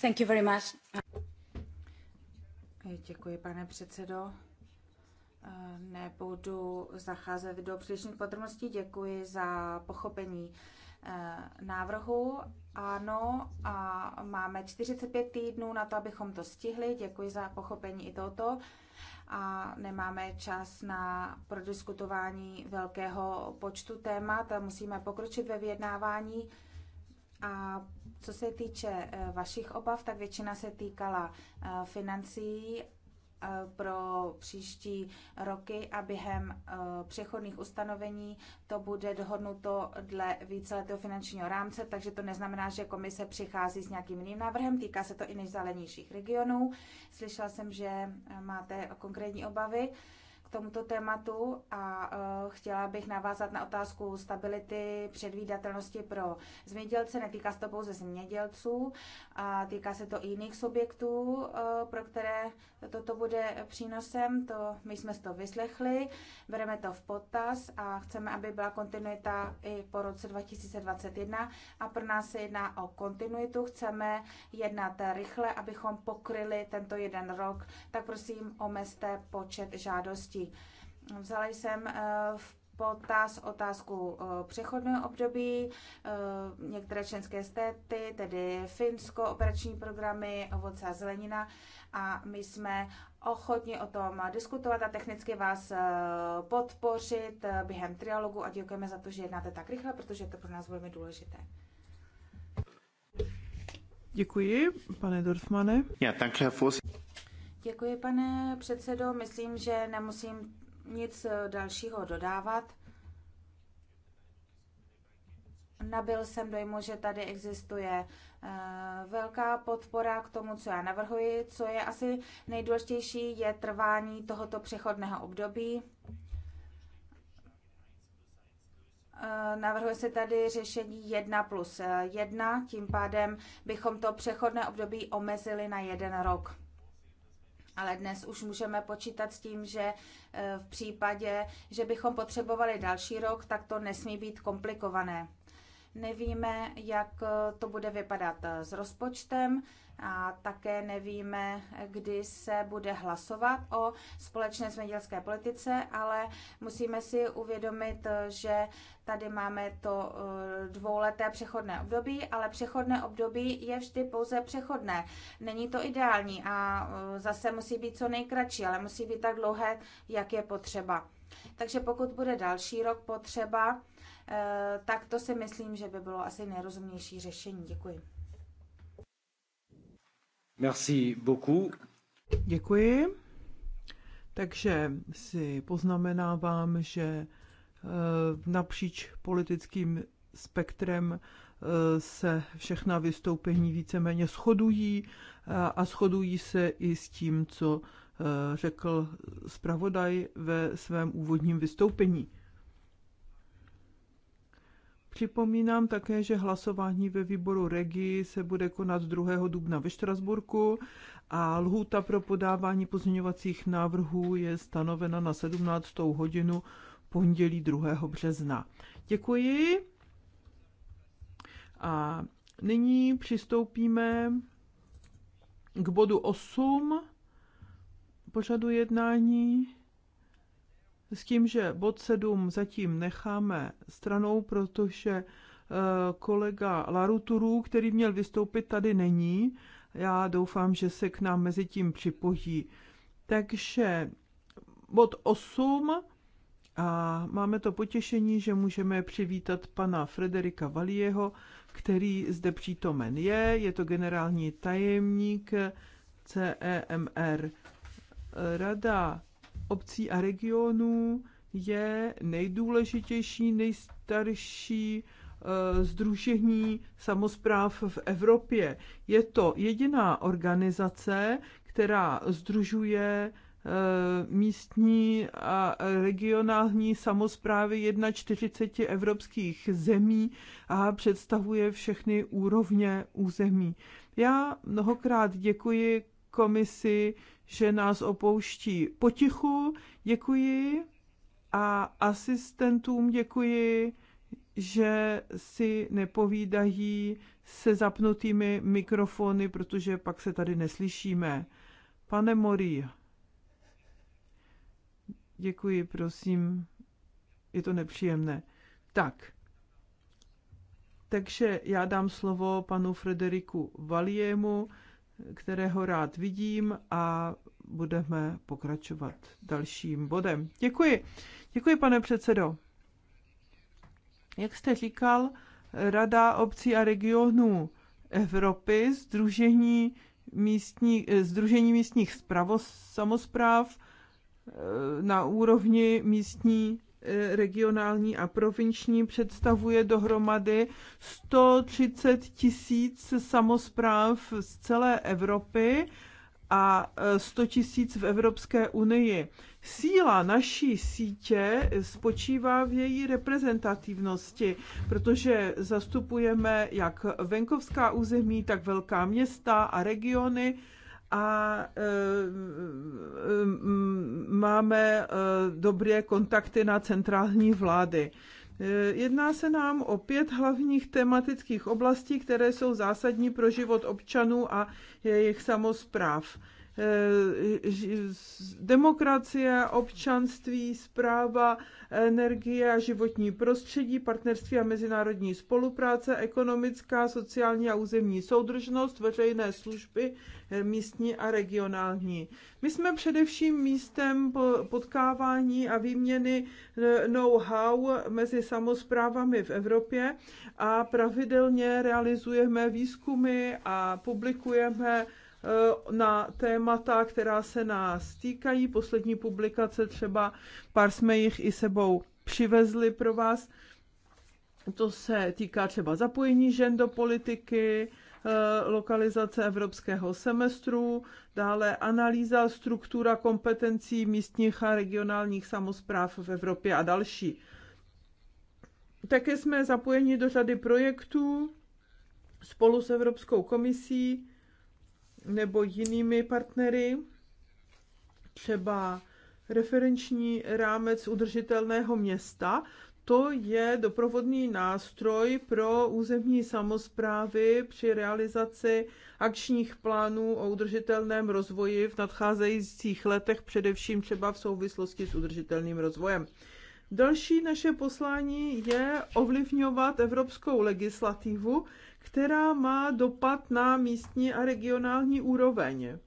Speaker 1: Thank you very much. Děkuji, pane předsedo. Eh, nebudu zacházet do přílišných podrobností. Děkuji za pochopení eh, návrhu. Ano, a máme 45 týdnů na to, abychom to stihli. Děkuji za pochopení i tohoto. A nemáme čas na prodiskutování velkého počtu témat. Musíme pokročit ve vyjednávání a co se týče eh, vašich obav, tak většina se týkala eh, financí eh, pro příští roky a během přechodných ustanovení to bude dohodnuto dle víceletého finančního rámce, takže to neznamená, že komise přichází s nějakým jiným návrhem, týká se to i nejzálenějších regionů. Slyšela jsem, že máte konkrétní obavy tomto tomuto tématu a e, chtěla bych navázat na otázku stability, předvídatelnosti pro zemědělce. Netýká se to pouze zemědělců, a týká se to i jiných subjektů, e, pro které toto bude přínosem. To my jsme to vyslechli, bereme to v potaz a chceme, aby byla kontinuita i po roce 2021. A pro nás se jedná o kontinuitu. Chceme jednat rychle, abychom pokryli tento jeden rok. Tak prosím, omezte počet žádostí příští. Vzala jsem eh, v potaz otázku eh, přechodného období. Eh, některé členské státy, tedy Finsko, operační programy, ovoce a zelenina a my jsme ochotni o tom diskutovat a technicky vás podpořit během trialogu a děkujeme za to, že jednáte tak rychle, protože je to pro nás velmi důležité.
Speaker 3: Děkuji, pane Dorfmane. Ja, danke, Herr
Speaker 1: Děkuji, pane předsedo. Myslím, že nemusím nic eh, dalšího dodávat. Nabil jsem dojmu, že tady existuje eh, velká podpora k tomu, co já navrhuji. Co je asi nejdůležitější, je trvání tohoto přechodného období. Eh, navrhuje se tady řešení 1 plus 1, tím pádem bychom to přechodné období omezili na jeden rok. Ale dnes už můžeme počítat s tím, že eh, v případě, že bychom potřebovali další rok, tak to nesmí být komplikované. Nevíme, jak eh, to bude vypadat eh, s rozpočtem a také nevíme, kdy se bude hlasovat o společné zemědělské politice, ale musíme si uvědomit, eh, že tady máme to dvouleté přechodné období, ale přechodné období je vždy pouze přechodné. Není to ideální a zase musí být co nejkratší, ale musí být tak dlouhé, jak je potřeba. Takže pokud bude další rok potřeba, Eh, tak to si myslím, že by bylo asi nejrozumnější řešení. Děkuji.
Speaker 2: Merci beaucoup.
Speaker 3: Děkuji. Takže si poznamenávám, že eh, napříč politickým spektrem eh, se všechna vystoupení víceméně shodují a shodují se i s tím, co řekl zpravodaj ve svém úvodním vystoupení. Připomínám také, že hlasování ve výboru Regi se bude konat 2. dubna ve Štrasburku a lhůta pro podávání pozměňovacích návrhů je stanovena na 17. hodinu pondělí 2. března. Děkuji. A nyní přistoupíme k bodu 8 pořadu jednání s tím, že bod 7 zatím necháme stranou, protože eh, kolega Laruturu, který měl vystoupit, tady není. Já doufám, že se k nám mezi tím připojí. Takže bod 8 a máme to potěšení, že můžeme přivítat pana Frederika Valieho, který zde přítomen je. Je to generální tajemník CEMR. Rada obcí a regionů je nejdůležitější, nejstarší Združení eh, samozpráv v Evropě. Je to jediná organizace, která združuje eh, místní a regionální samozprávy 41 evropských zemí a představuje všechny úrovně území. Já mnohokrát děkuji komisi, že nás opouští potichu. Děkuji a asistentům děkuji, že si nepovídají se zapnutými mikrofony, protože pak se tady neslyšíme. Pane Morí, děkuji, prosím, je to nepříjemné. Tak, takže já dám slovo panu Frederiku Valiemu, kterého rád vidím a budeme pokračovat dalším bodem. Děkuji. Děkuji, pane předsedo. Jak jste říkal, Rada obcí a regionů Evropy, Združení, místní, Združení místních samozpráv eh, na úrovni místní regionální a provinční představuje dohromady 130 tisíc samozpráv z celé Evropy a 100 e, tisíc v Evropské unii. Síla naší sítě spočívá v její reprezentativnosti, protože zastupujeme jak venkovská území, tak velká města a regiony, a e, máme e, dobré kontakty na centrální vlády. E, jedná se nám o pět hlavních tematických oblastí, které jsou zásadní pro život občanů a jejich samozpráv. Eh, demokracie, občanství, zpráva, energie a životní prostředí, partnerství a mezinárodní spolupráce, ekonomická, sociální a územní soudržnost, veřejné služby, eh, místní a regionální. My jsme především místem potkávání a výměny eh, know-how mezi samozprávami v Evropě a pravidelně realizujeme výzkumy a publikujeme Eh, na témata, která se nás týkají. Poslední publikace třeba, pár jsme jich i sebou přivezli pro vás. To se týká třeba zapojení žen do politiky, eh, lokalizace evropského semestru, dále analýza struktura kompetencí místních a regionálních samozpráv v Evropě a další. Také jsme zapojeni do řady projektů spolu s Evropskou komisí nebo jinými partnery, třeba referenční rámec udržitelného města. To je doprovodný nástroj pro územní samozprávy při realizaci akčních plánů o udržitelném rozvoji v nadcházejících letech, především třeba v souvislosti s udržitelným rozvojem. Další naše poslání je ovlivňovat evropskou legislativu která má dopad na místní a regionální úroveň.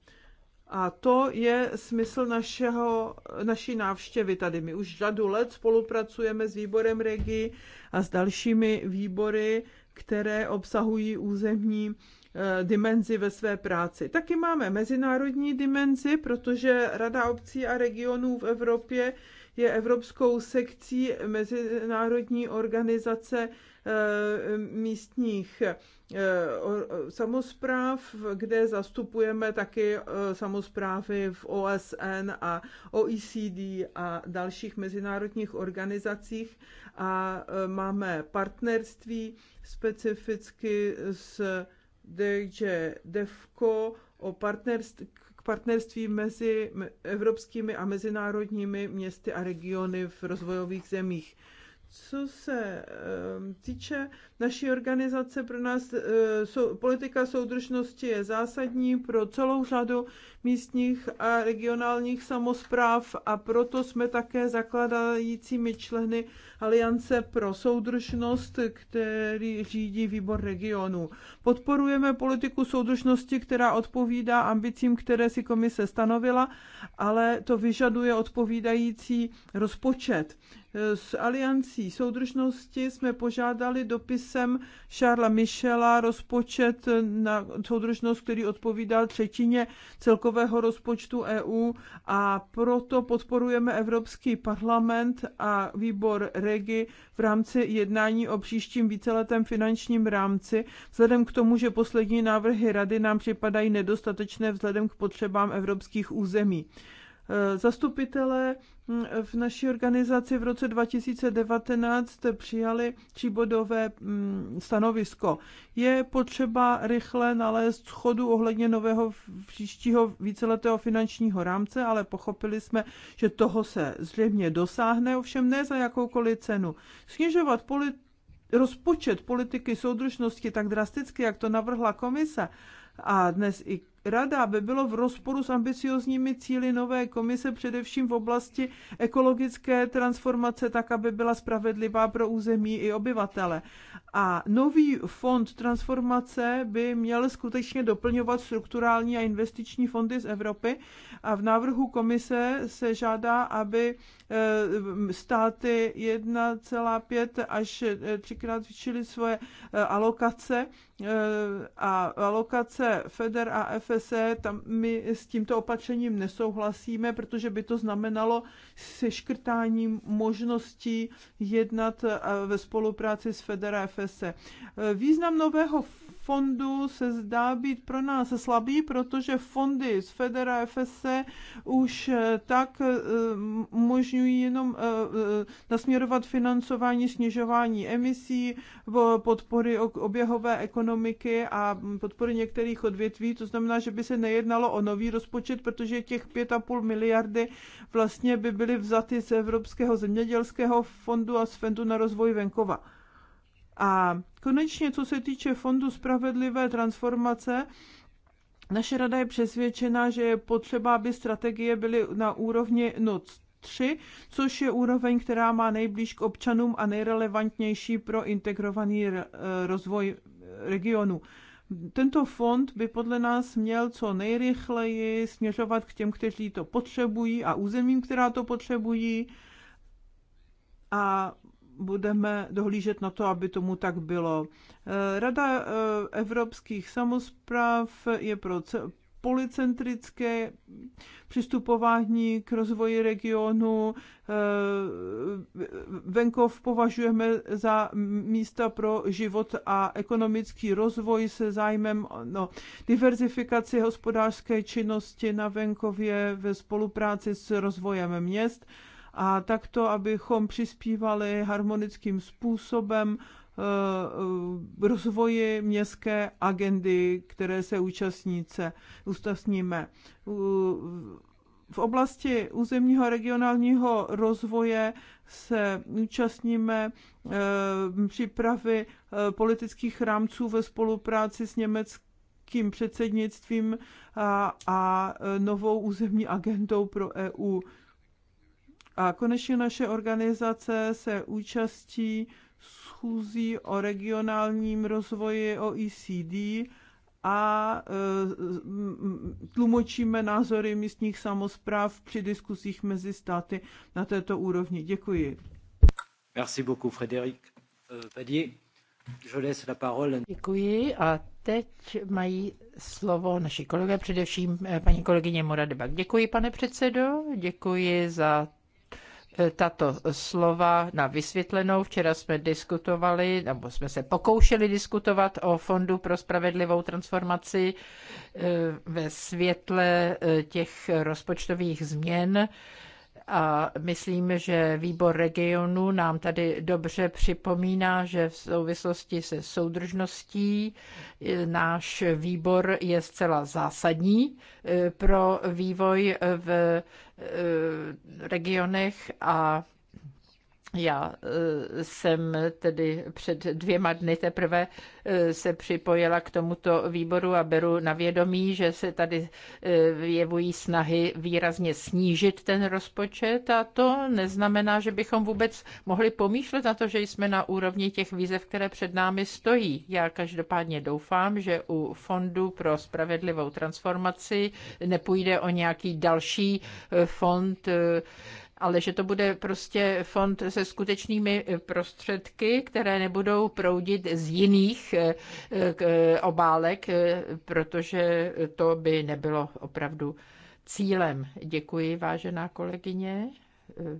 Speaker 3: A to je smysl našeho, naší návštěvy tady. My už řadu let spolupracujeme s výborem Regi a s dalšími výbory, které obsahují územní eh, dimenzi ve své práci. Taky máme mezinárodní dimenzi, protože Rada obcí a regionů v Evropě je evropskou sekcí mezinárodní organizace Eh, místních eh, samozpráv, kde zastupujeme taky eh, samozprávy v OSN a OECD a dalších mezinárodních organizacích a máme partnerství specificky s DJ DEFCO o partnerství, partnerství mezi evropskými a mezinárodními městy a regiony v rozvojových zemích co se ehm, týče naší organizace, pro nás eh, politika soudržnosti je zásadní pro celou řadu místních a regionálních samozpráv a proto jsme také zakladajícími členy Aliance pro soudržnost, který řídí výbor regionů. Podporujeme politiku soudržnosti, která odpovídá ambicím, které si komise stanovila, ale to vyžaduje odpovídající rozpočet. S Aliancí soudržnosti jsme požádali dopisem Šarla Michela rozpočet na soudržnost, který odpovídá třetině celkového rozpočtu EU a proto podporujeme Evropský parlament a výbor regionů regi v rámci jednání o příštím víceletém finančním rámci, vzhledem k tomu, že poslední návrhy rady nám připadají nedostatečné vzhledem k potřebám evropských území. Eh, Zastupitelé hm, v naší organizaci v roce 2019 přijali tříbodové hm, stanovisko. Je potřeba rychle nalézt schodu ohledně nového příštího víceletého finančního rámce, ale pochopili jsme, že toho se zřejmě dosáhne, ovšem ne za jakoukoliv cenu. Snižovat polit rozpočet politiky soudržnosti tak drasticky, jak to navrhla komise, a dnes i rada by bylo v rozporu s ambiciozními cíly nové komise, především v oblasti ekologické transformace, tak aby byla spravedlivá pro území i obyvatele. A nový fond transformace by měl skutečně doplňovat strukturální a investiční fondy z Evropy a v návrhu komise se žádá, aby eh, státy 1,5 až eh, třikrát zvýšily svoje eh, alokace a alokace FEDER a FEDER profese, tam my s tímto opatřením nesouhlasíme, protože by to znamenalo seškrtání možností jednat eh, ve spolupráci s Federa FSE. Eh, význam nového fondu se zdá být pro nás slabý, protože fondy z Federa FSC e už eh, tak eh, umožňují jenom eh, nasměrovat financování snižování emisí, podpory oběhové ekonomiky a mm, podpory některých odvětví. To znamená, že by se nejednalo o nový rozpočet, protože těch 5,5 miliardy vlastně by byly vzaty z Evropského zemědělského fondu a z Fondu na rozvoj venkova. A konečně, co se týče Fondu spravedlivé transformace, naše rada je přesvědčena, že je potřeba, aby strategie byly na úrovni NUC 3, což je úroveň, která má nejblíž k občanům a nejrelevantnější pro integrovaný eh, rozvoj eh, regionu. Tento fond by podle nás měl co nejrychleji směřovat k těm, kteří to potřebují a územím, která to potřebují. A budeme dohlížet na to, aby tomu tak bylo. Eh, Rada eh, evropských samozpráv je pro policentrické přistupování k rozvoji regionu. Eh, venkov považujeme za místa pro život a ekonomický rozvoj se zájmem no, diverzifikaci hospodářské činnosti na venkově ve spolupráci s rozvojem měst a takto, abychom přispívali harmonickým způsobem eh, eh, rozvoji městské agendy, které se účastníce ústavníme. V oblasti územního a regionálního rozvoje se účastníme eh, přípravy politických rámců ve spolupráci s německým předsednictvím a, a novou územní agendou pro EU. A konečně naše organizace se účastí schůzí o regionálním rozvoji OECD a e, tlumočíme názory místních samozpráv při diskusích mezi státy na této úrovni. Děkuji.
Speaker 2: Merci beaucoup, Frédéric euh, Je laisse la parole. Děkuji a teď mají slovo naši kolegové, především eh, paní kolegyně Moradebak. Děkuji, pane předsedo, děkuji za Eh, tato slova na vysvětlenou. Včera jsme diskutovali, nebo jsme se pokoušeli diskutovat o Fondu pro spravedlivou transformaci eh, ve světle eh, těch rozpočtových změn a myslím, že výbor regionu nám tady dobře připomíná, že v souvislosti se soudržností e, náš výbor je zcela zásadní e, pro vývoj v e, regionech a já eh, jsem tedy před dvěma dny teprve eh, se připojila k tomuto výboru a beru na vědomí, že se tady vyjevují eh, snahy výrazně snížit ten rozpočet a to neznamená, že bychom vůbec mohli pomýšlet na to, že jsme na úrovni těch výzev, které před námi stojí. Já každopádně doufám, že u Fondu pro spravedlivou transformaci nepůjde o nějaký další fond ale že to bude prostě fond se skutečnými eh, prostředky, které nebudou proudit z jiných eh, eh, obálek, protože to by nebylo opravdu cílem. Děkuji, vážená kolegyně.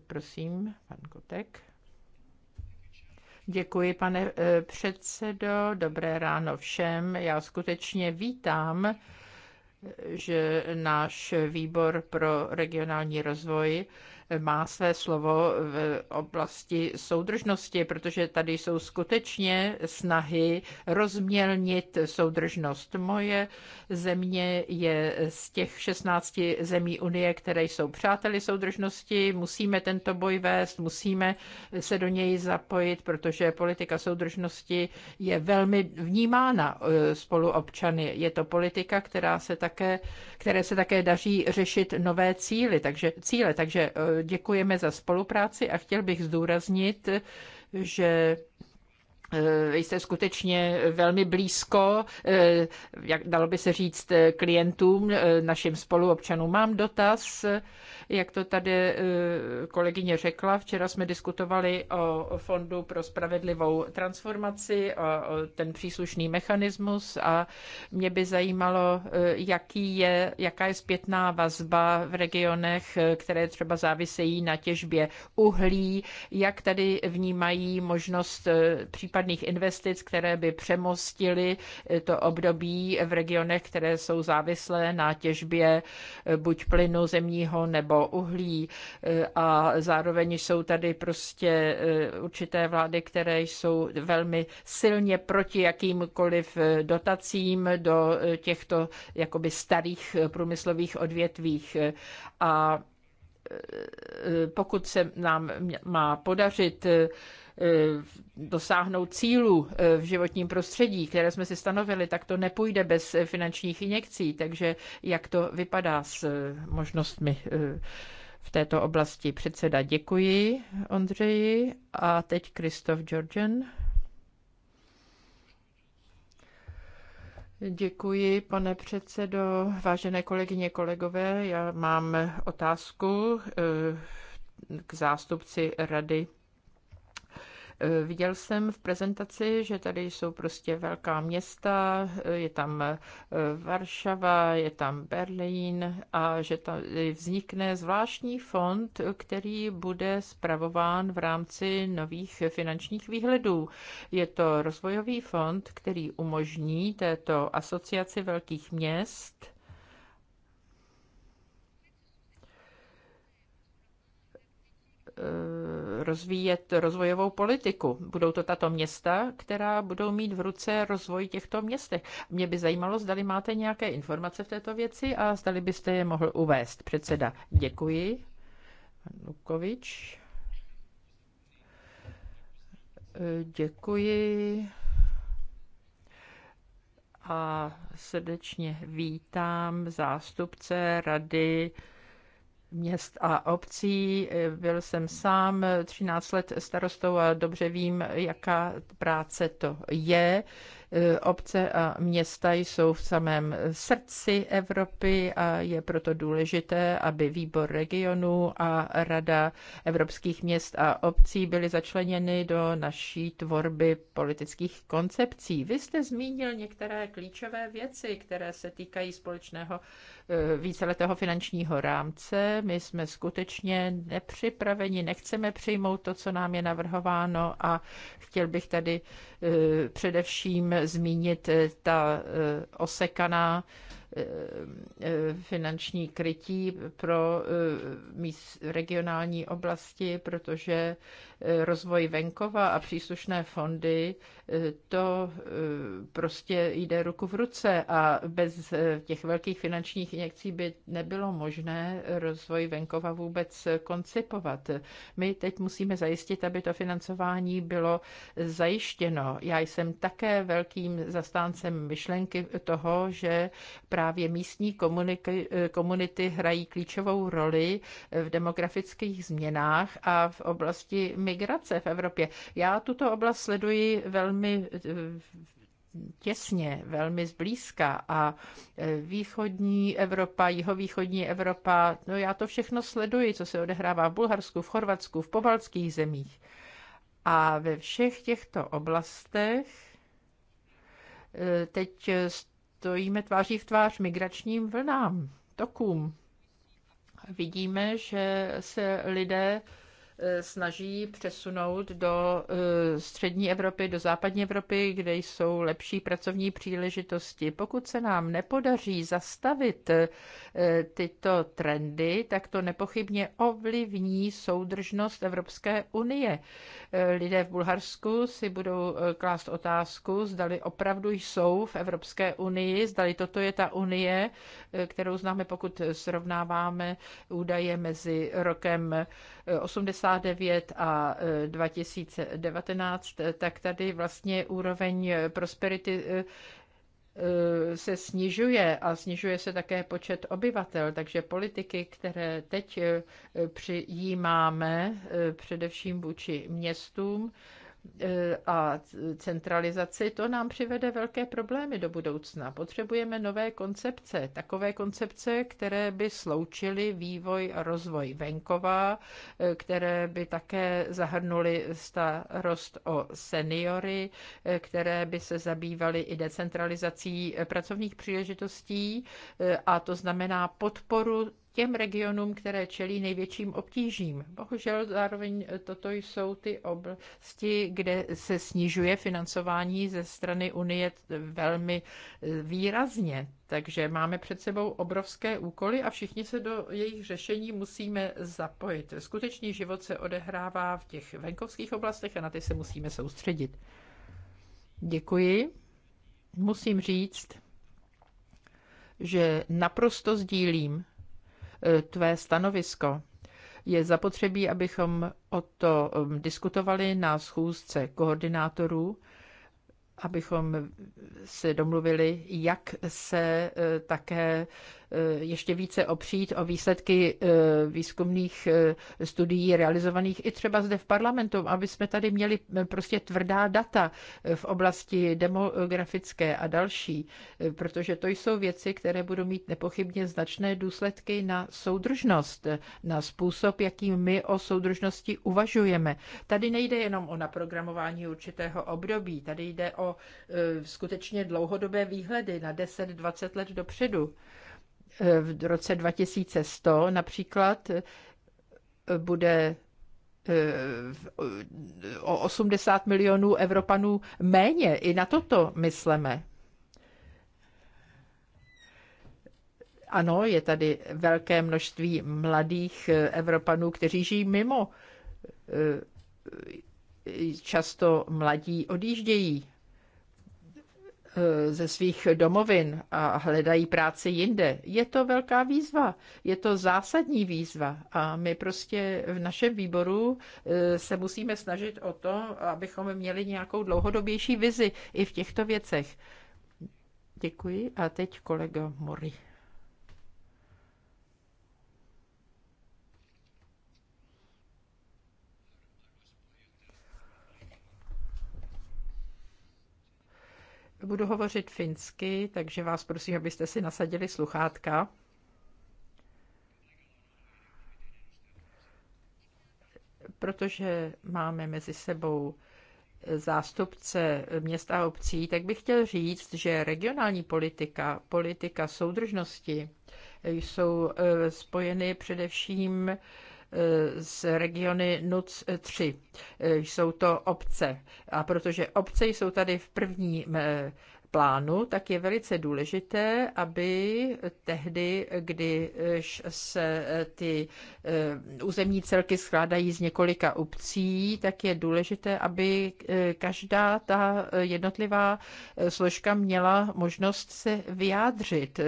Speaker 2: Prosím, pan Kotek. Děkuji, pane předsedo. Dobré ráno všem. Já skutečně vítám, že náš výbor pro regionální rozvoj má své slovo v oblasti soudržnosti, protože tady jsou skutečně snahy rozmělnit soudržnost. Moje země je z těch 16 zemí Unie, které jsou přáteli soudržnosti. Musíme tento boj vést, musíme se do něj zapojit, protože politika soudržnosti je velmi vnímána eh, spoluobčany. Je to politika, která se také, které se také daří řešit nové cíly, takže, cíle, takže eh, děkujeme za spolupráci a chtěl bych zdůraznit, že vy eh, jste skutečně velmi blízko, eh, jak dalo by se říct, eh, klientům, našim spoluobčanům. Mám dotaz, jak to tady kolegyně řekla. Včera jsme diskutovali o Fondu pro spravedlivou transformaci, o ten příslušný mechanismus a mě by zajímalo, jaký je, jaká je zpětná vazba v regionech, které třeba závisejí na těžbě uhlí, jak tady vnímají možnost případně případných investic, které by přemostily eh, to období v regionech, které jsou závislé na těžbě eh, buď plynu zemního nebo uhlí. Eh, a zároveň jsou tady prostě určité vlády, které jsou velmi silně proti jakýmkoliv dotacím do těchto jakoby starých průmyslových odvětvích. A pokud se nám má podařit Eh, dosáhnout cílu eh, v životním prostředí, které jsme si stanovili, tak to nepůjde bez eh, finančních injekcí. Takže jak to vypadá s možnostmi v této oblasti? Předseda, děkuji Ondřeji. A teď Kristof Georgen. Děkuji, pane předsedo. Vážené kolegyně, kolegové, já mám otázku k zástupci Rady Eh, viděl jsem v prezentaci, že tady jsou prostě velká města, eh, je tam eh, Varšava, je tam Berlín a že tam vznikne zvláštní fond, který bude spravován v rámci nových finančních výhledů. Je to rozvojový fond, který umožní této asociaci velkých měst Eh, rozvíjet rozvojovou politiku. Budou to tato města, která budou mít v ruce rozvoj těchto městech. Mě by zajímalo, zdali máte nějaké informace v této věci a zdali byste je mohl uvést. Předseda, děkuji. Lukovič. Eh, děkuji a srdečně vítám zástupce Rady měst a obcí. Eh, byl jsem sám 13 eh, let starostou a dobře vím, jaká práce to je. Eh, obce a města jsou v samém srdci Evropy a je proto důležité, aby výbor regionu a Rada evropských měst a obcí byly začleněny do naší tvorby politických koncepcí. Vy jste zmínil některé klíčové věci, které se týkají společného Eh, víceletého finančního rámce. My jsme skutečně nepřipraveni, nechceme přijmout to, co nám je navrhováno a chtěl bych tady eh, především zmínit eh, ta osekaná finanční krytí pro eh, míst, regionální oblasti, protože eh, rozvoj venkova a příslušné fondy eh, to prostě jde ruku v ruce a bez těch velkých finančních injekcí by nebylo možné rozvoj venkova vůbec koncipovat. My teď musíme zajistit, aby to financování bylo zajištěno. Já jsem také velkým zastáncem myšlenky toho, že právě právě místní eh, komunity hrají klíčovou roli eh, v demografických změnách a v oblasti migrace v Evropě. Já tuto oblast sleduji velmi eh, těsně, velmi zblízka a východní Evropa, jihovýchodní Evropa, no já to všechno sleduji, co se odehrává v Bulharsku, v Chorvatsku, v pobaltských zemích. A ve všech těchto oblastech teď stojíme tváří v tvář migračním vlnám, tokům. Vidíme, že se lidé Eh, snaží přesunout do eh, střední Evropy, do západní Evropy, kde jsou lepší pracovní příležitosti. Pokud se nám nepodaří zastavit eh, tyto trendy, tak to nepochybně ovlivní soudržnost Evropské unie. Lidé v Bulharsku si budou klást otázku, zdali opravdu jsou v Evropské unii, zdali toto je ta unie, kterou známe, pokud srovnáváme údaje mezi rokem 80 99 a 2019, e, e, tak tady vlastně úroveň e, prosperity se snižuje a snižuje se také počet obyvatel, takže politiky, které teď přijímáme, především vůči městům, Eh, a centralizaci, to nám přivede velké problémy do budoucna. Potřebujeme nové koncepce, takové koncepce, které by sloučily vývoj a rozvoj venkova, eh, které by také zahrnuly starost o seniory, eh, které by se zabývaly i decentralizací pracovních příležitostí a to znamená podporu těm regionům, které čelí největším obtížím. Bohužel zároveň toto jsou ty oblasti, kde se snižuje financování ze strany Unie velmi eh, výrazně. Takže máme před sebou obrovské úkoly a všichni se do jejich řešení musíme zapojit. Skutečný život se odehrává v těch venkovských oblastech a na ty se musíme soustředit. Děkuji. Musím říct, že naprosto sdílím tvé stanovisko. Je zapotřebí, abychom o to um, diskutovali na schůzce koordinátorů, abychom se domluvili, jak se eh, také Eh, ještě více opřít o výsledky eh, výzkumných eh, studií realizovaných i třeba zde v parlamentu, aby jsme tady měli prostě tvrdá data v oblasti demografické a další, protože to jsou věci, které budou mít nepochybně značné důsledky na soudržnost, na způsob, jakým my o soudržnosti uvažujeme. Tady nejde jenom o naprogramování určitého období, tady jde o skutečně dlouhodobé výhledy na 10-20 let dopředu v roce 2100 například eh, bude eh, o 80 milionů Evropanů méně. I na toto mysleme. Ano, je tady velké množství mladých eh, Evropanů, kteří žijí mimo. Často mladí odjíždějí Eh, ze svých domovin a hledají práci jinde. Je to velká výzva, je to zásadní výzva a my prostě v našem výboru eh, se musíme snažit o to, abychom měli nějakou dlouhodobější vizi i v těchto věcech. Děkuji a teď kolega Mori. Budu hovořit finsky, takže vás prosím, abyste si nasadili sluchátka. Protože máme mezi sebou zástupce města a obcí, tak bych chtěl říct, že regionální politika, politika soudržnosti jsou eh, spojeny především z regiony NUC 3. Jsou to obce. A protože obce jsou tady v prvním eh, plánu, tak je velice důležité, aby tehdy, když se eh, ty eh, územní celky skládají z několika obcí, tak je důležité, aby eh, každá ta jednotlivá složka měla možnost se vyjádřit.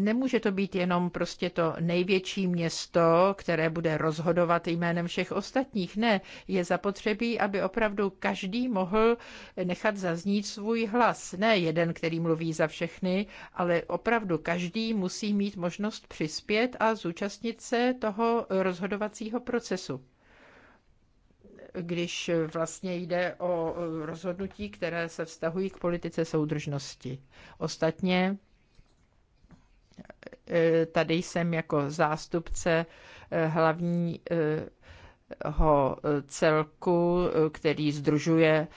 Speaker 2: Nemůže to být jenom prostě to největší město, které bude rozhodovat jménem všech ostatních. Ne, je zapotřebí, aby opravdu každý mohl nechat zaznít svůj hlas. Ne jeden jeden, který mluví za všechny, ale opravdu každý musí mít možnost přispět a zúčastnit se toho rozhodovacího procesu když vlastně jde o rozhodnutí, které se vztahují k politice soudržnosti. Ostatně eh, tady jsem jako zástupce eh, hlavní eh, ho e, celku, e, který združuje e,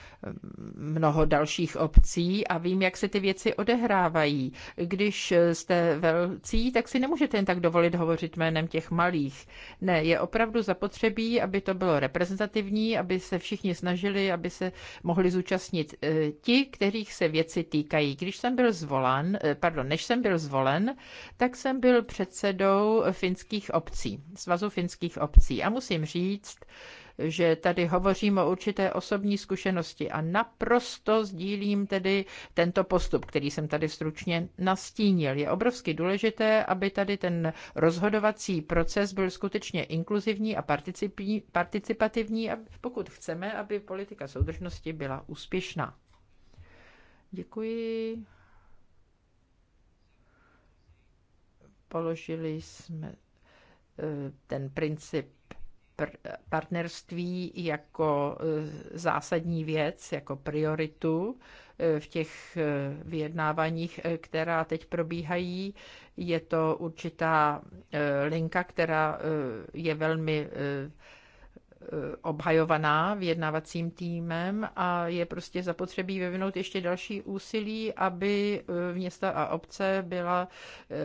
Speaker 2: mnoho dalších obcí a vím, jak se ty věci odehrávají. Když jste velcí, tak si nemůžete jen tak dovolit hovořit jménem těch malých. Ne, je opravdu zapotřebí, aby to bylo reprezentativní, aby se všichni snažili, aby se mohli zúčastnit ti, kterých se věci týkají. Když jsem byl zvolen, pardon, než jsem byl zvolen, tak jsem byl předsedou finských obcí, Svazu finských obcí a musím říct, říct, že tady hovořím o určité osobní zkušenosti a naprosto sdílím tedy tento postup, který jsem tady stručně nastínil. Je obrovsky důležité, aby tady ten rozhodovací proces byl skutečně inkluzivní a participativní, pokud chceme, aby politika soudržnosti byla úspěšná. Děkuji. Položili jsme eh, ten princip partnerství jako e, zásadní věc, jako prioritu e, v těch e, vyjednáváních, která teď probíhají. Je to určitá linka, která je velmi Eh, obhajovaná vyjednávacím týmem a je prostě zapotřebí vyvinout ještě další úsilí, aby eh, města a obce byla,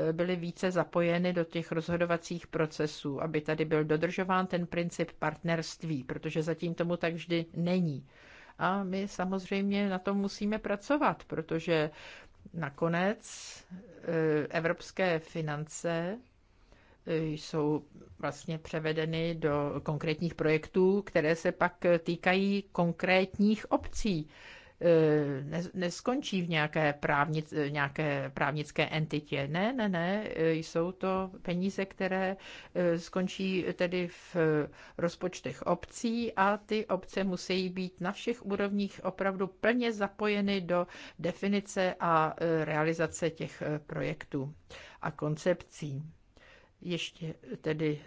Speaker 2: eh, byly více zapojeny do těch rozhodovacích procesů, aby tady byl dodržován ten princip partnerství, protože zatím tomu tak vždy není. A my samozřejmě na tom musíme pracovat, protože nakonec evropské finance jsou vlastně převedeny do konkrétních projektů, které se pak týkají konkrétních obcí. E, neskončí v nějaké, právnic, nějaké právnické entitě. Ne, ne, ne, e, jsou to peníze, které e, skončí tedy v rozpočtech obcí a ty obce musí být na všech úrovních opravdu plně zapojeny do definice a realizace těch projektů a koncepcí. Ještě tedy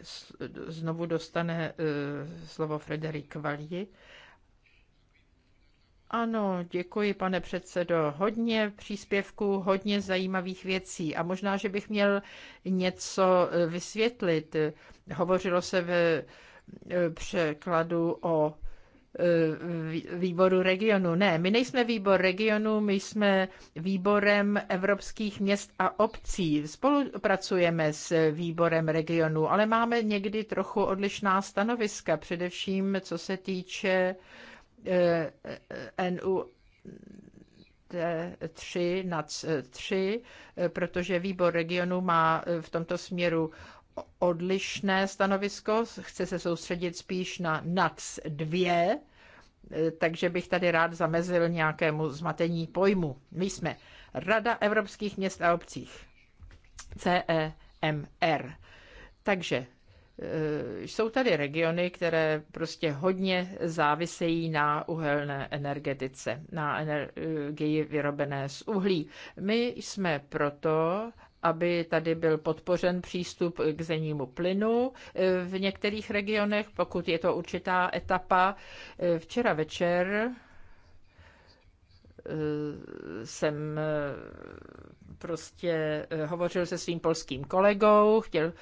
Speaker 2: znovu dostane eh, slovo Frederik Valji. Ano, děkuji, pane předsedo. Hodně příspěvků, hodně zajímavých věcí. A možná, že bych měl něco eh, vysvětlit. Hovořilo se ve eh, překladu o Eh, výboru regionu. Ne, my nejsme výbor regionu, my jsme výborem evropských měst a obcí. Spolupracujeme s výborem regionu, ale máme někdy trochu odlišná stanoviska, především co se týče eh, NU 3 nad 3, eh, protože výbor regionu má v tomto směru odlišné stanovisko, chce se soustředit spíš na NAC 2, eh, takže bych tady rád zamezil nějakému zmatení pojmu. My jsme Rada evropských měst a obcích, CEMR. Takže eh, jsou tady regiony, které prostě hodně závisejí na uhelné energetice, na energii vyrobené z uhlí. My jsme proto, aby tady byl podpořen přístup k zemnímu plynu eh, v některých regionech, pokud je to určitá etapa. Eh, včera večer eh, jsem prostě hovořil se svým polským kolegou, chtěl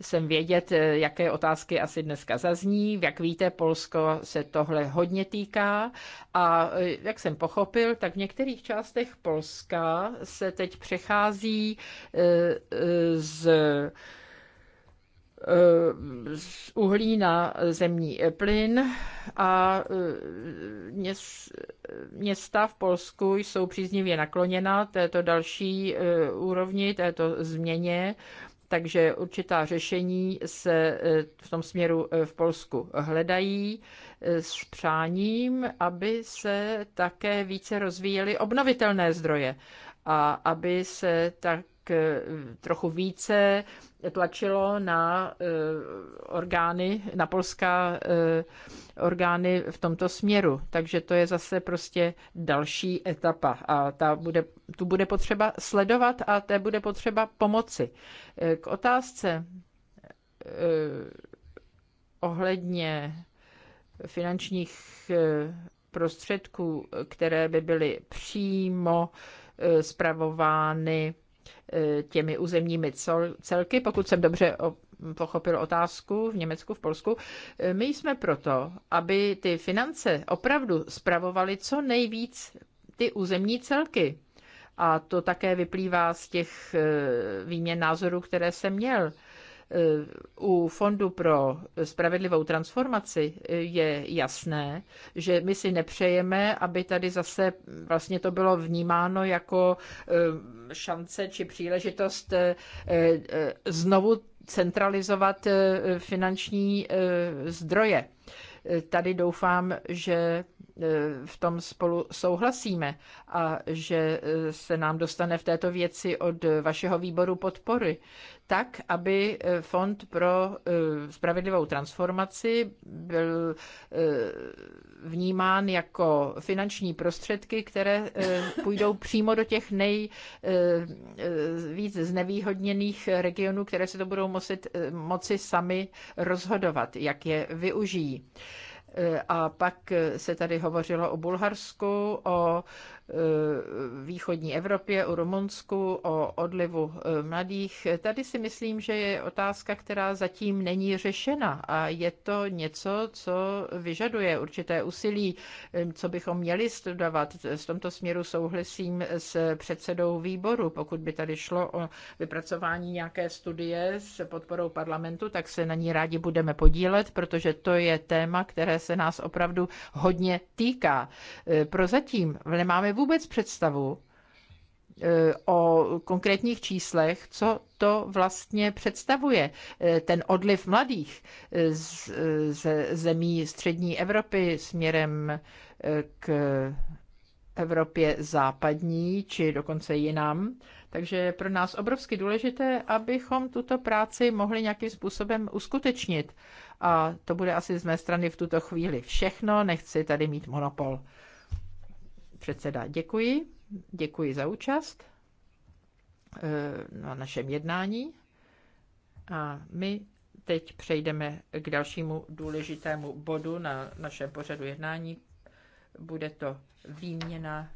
Speaker 2: jsem vědět, eh, jaké otázky asi dneska zazní. Jak víte, Polsko se tohle hodně týká a eh, jak jsem pochopil, tak v některých částech Polska se teď přechází eh, z z uhlí na zemní plyn a města v Polsku jsou příznivě nakloněna této další úrovni, této změně takže určitá řešení se e, v tom směru e, v Polsku hledají e, s přáním, aby se také více rozvíjely obnovitelné zdroje a aby se tak Eh, trochu více tlačilo na eh, orgány, na polská eh, orgány v tomto směru. Takže to je zase prostě další etapa a ta bude, tu bude potřeba sledovat a té bude potřeba pomoci. K otázce ohledně finančních prostředků, které by byly přímo spravovány E, těmi územními celky, pokud jsem dobře pochopil otázku v Německu, v Polsku. E, my jsme proto, aby ty finance opravdu spravovaly co nejvíc ty územní celky. A to také vyplývá z těch e, výměn názorů, které jsem měl u Fondu pro spravedlivou transformaci je jasné, že my si nepřejeme, aby tady zase vlastně to bylo vnímáno jako eh, šance či příležitost eh, eh, znovu centralizovat finanční zdroje. Tady doufám, že v tom spolu souhlasíme a že se nám dostane v této věci od vašeho výboru podpory tak, aby e, Fond pro e, spravedlivou transformaci byl e, vnímán jako finanční prostředky, které půjdou přímo do těch nejvíc znevýhodněných regionů, které se to budou moci, moci sami rozhodovat, jak je využijí. A pak se tady hovořilo o Bulharsku, o Eh, východní Evropě, o Rumunsku, o odlivu eh, mladých. Tady si myslím, že je otázka, která zatím není řešena a je to něco, co vyžaduje určité úsilí, eh, co bychom měli studovat. V tomto směru souhlasím s předsedou výboru. Pokud by tady šlo o vypracování nějaké studie s podporou parlamentu, tak se na ní rádi budeme podílet, protože to je téma, které se nás opravdu hodně týká. Prozatím nemáme vůbec představu e, o konkrétních číslech, co to vlastně představuje. E, ten odliv mladých e, z, zemí střední Evropy směrem k Evropě západní, či dokonce jinam. Takže je pro nás obrovsky důležité, abychom tuto práci mohli nějakým způsobem uskutečnit. A to bude asi z mé strany v tuto chvíli všechno. Nechci tady mít monopol. Předseda, děkuji. Děkuji za účast eh, na našem jednání. A my teď přejdeme k dalšímu důležitému bodu na našem pořadu jednání. Bude to výměna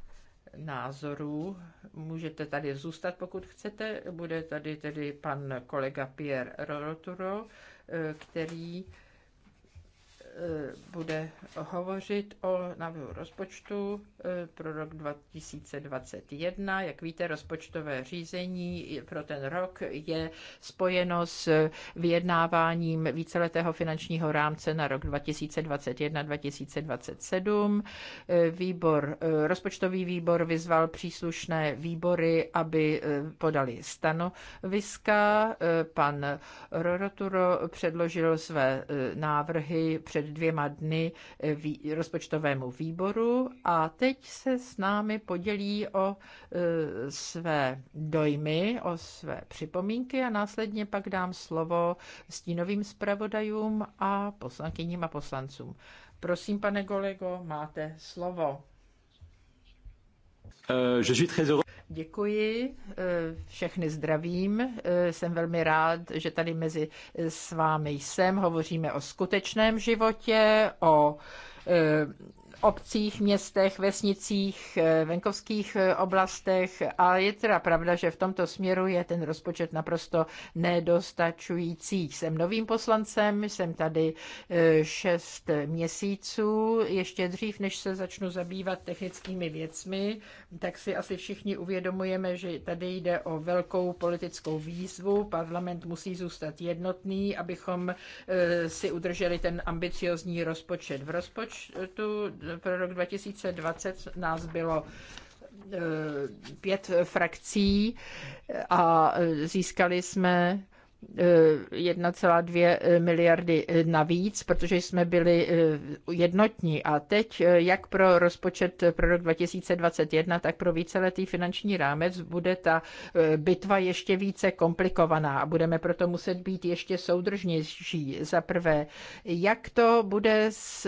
Speaker 2: názorů. Můžete tady zůstat, pokud chcete. Bude tady tedy pan kolega Pierre Roroturo, eh, který Eh, bude hovořit o návrhu rozpočtu eh, pro rok 2021. Jak víte, rozpočtové řízení pro ten rok je spojeno s vyjednáváním víceletého finančního rámce na rok 2021-2027. Eh, výbor, rozpočtový výbor vyzval příslušné výbory, aby podali stanoviska. Pan Roroturo předložil své návrhy před dvěma dny eh, rozpočtovému výboru a teď se s námi podělí o eh, své dojmy, o své připomínky a následně pak dám slovo stínovým zpravodajům a poslankyním a poslancům. Prosím, pane kolego, máte slovo. Eh, Děkuji, eh, všechny zdravím. Eh, jsem velmi rád, že tady mezi s vámi jsem. Hovoříme o skutečném životě, o obcích, městech, vesnicích, eh, venkovských eh, oblastech a je teda pravda, že v tomto směru je ten rozpočet naprosto nedostačující. Jsem novým poslancem, jsem tady eh, šest měsíců, ještě dřív, než se začnu zabývat technickými věcmi, tak si asi všichni uvědomujeme, že tady jde o velkou politickou výzvu. Parlament musí zůstat jednotný, abychom si udrželi ten ambiciozní rozpočet. V rozpočtu pro rok 2020 nás bylo eh, pět frakcí a eh, získali jsme 1,2 eh, miliardy eh, navíc, protože jsme byli eh, jednotní. A teď, jak pro rozpočet pro rok 2021, tak pro víceletý finanční rámec bude ta bitva ještě více komplikovaná a budeme proto muset být ještě soudržnější. Za prvé, jak to bude s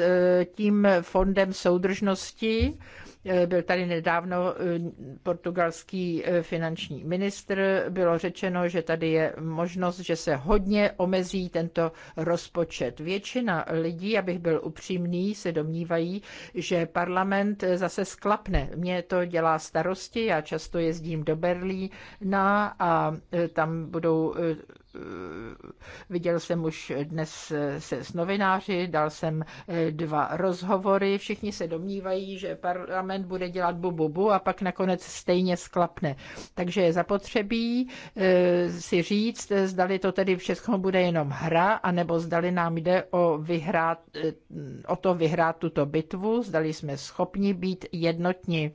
Speaker 2: tím fondem soudržnosti? Eh, byl tady nedávno eh, portugalský eh, finanční ministr. Bylo řečeno, že tady je možnost, že se hodně omezí tento rozpočet. Většina lidí, abych byl upřímný, se domnívají, že parlament zase sklapne. Mě to dělá starosti, já často jezdím do Berlína a tam budou Eh, viděl jsem už dnes eh, se s novináři, dal jsem eh, dva rozhovory. Všichni se domnívají, že parlament bude dělat bu bu, a pak nakonec stejně sklapne. Takže je zapotřebí si říct, zdali to tedy všechno bude jenom hra, anebo zdali nám jde o, vyhrát, o to vyhrát tuto bitvu, zdali jsme schopni být jednotní,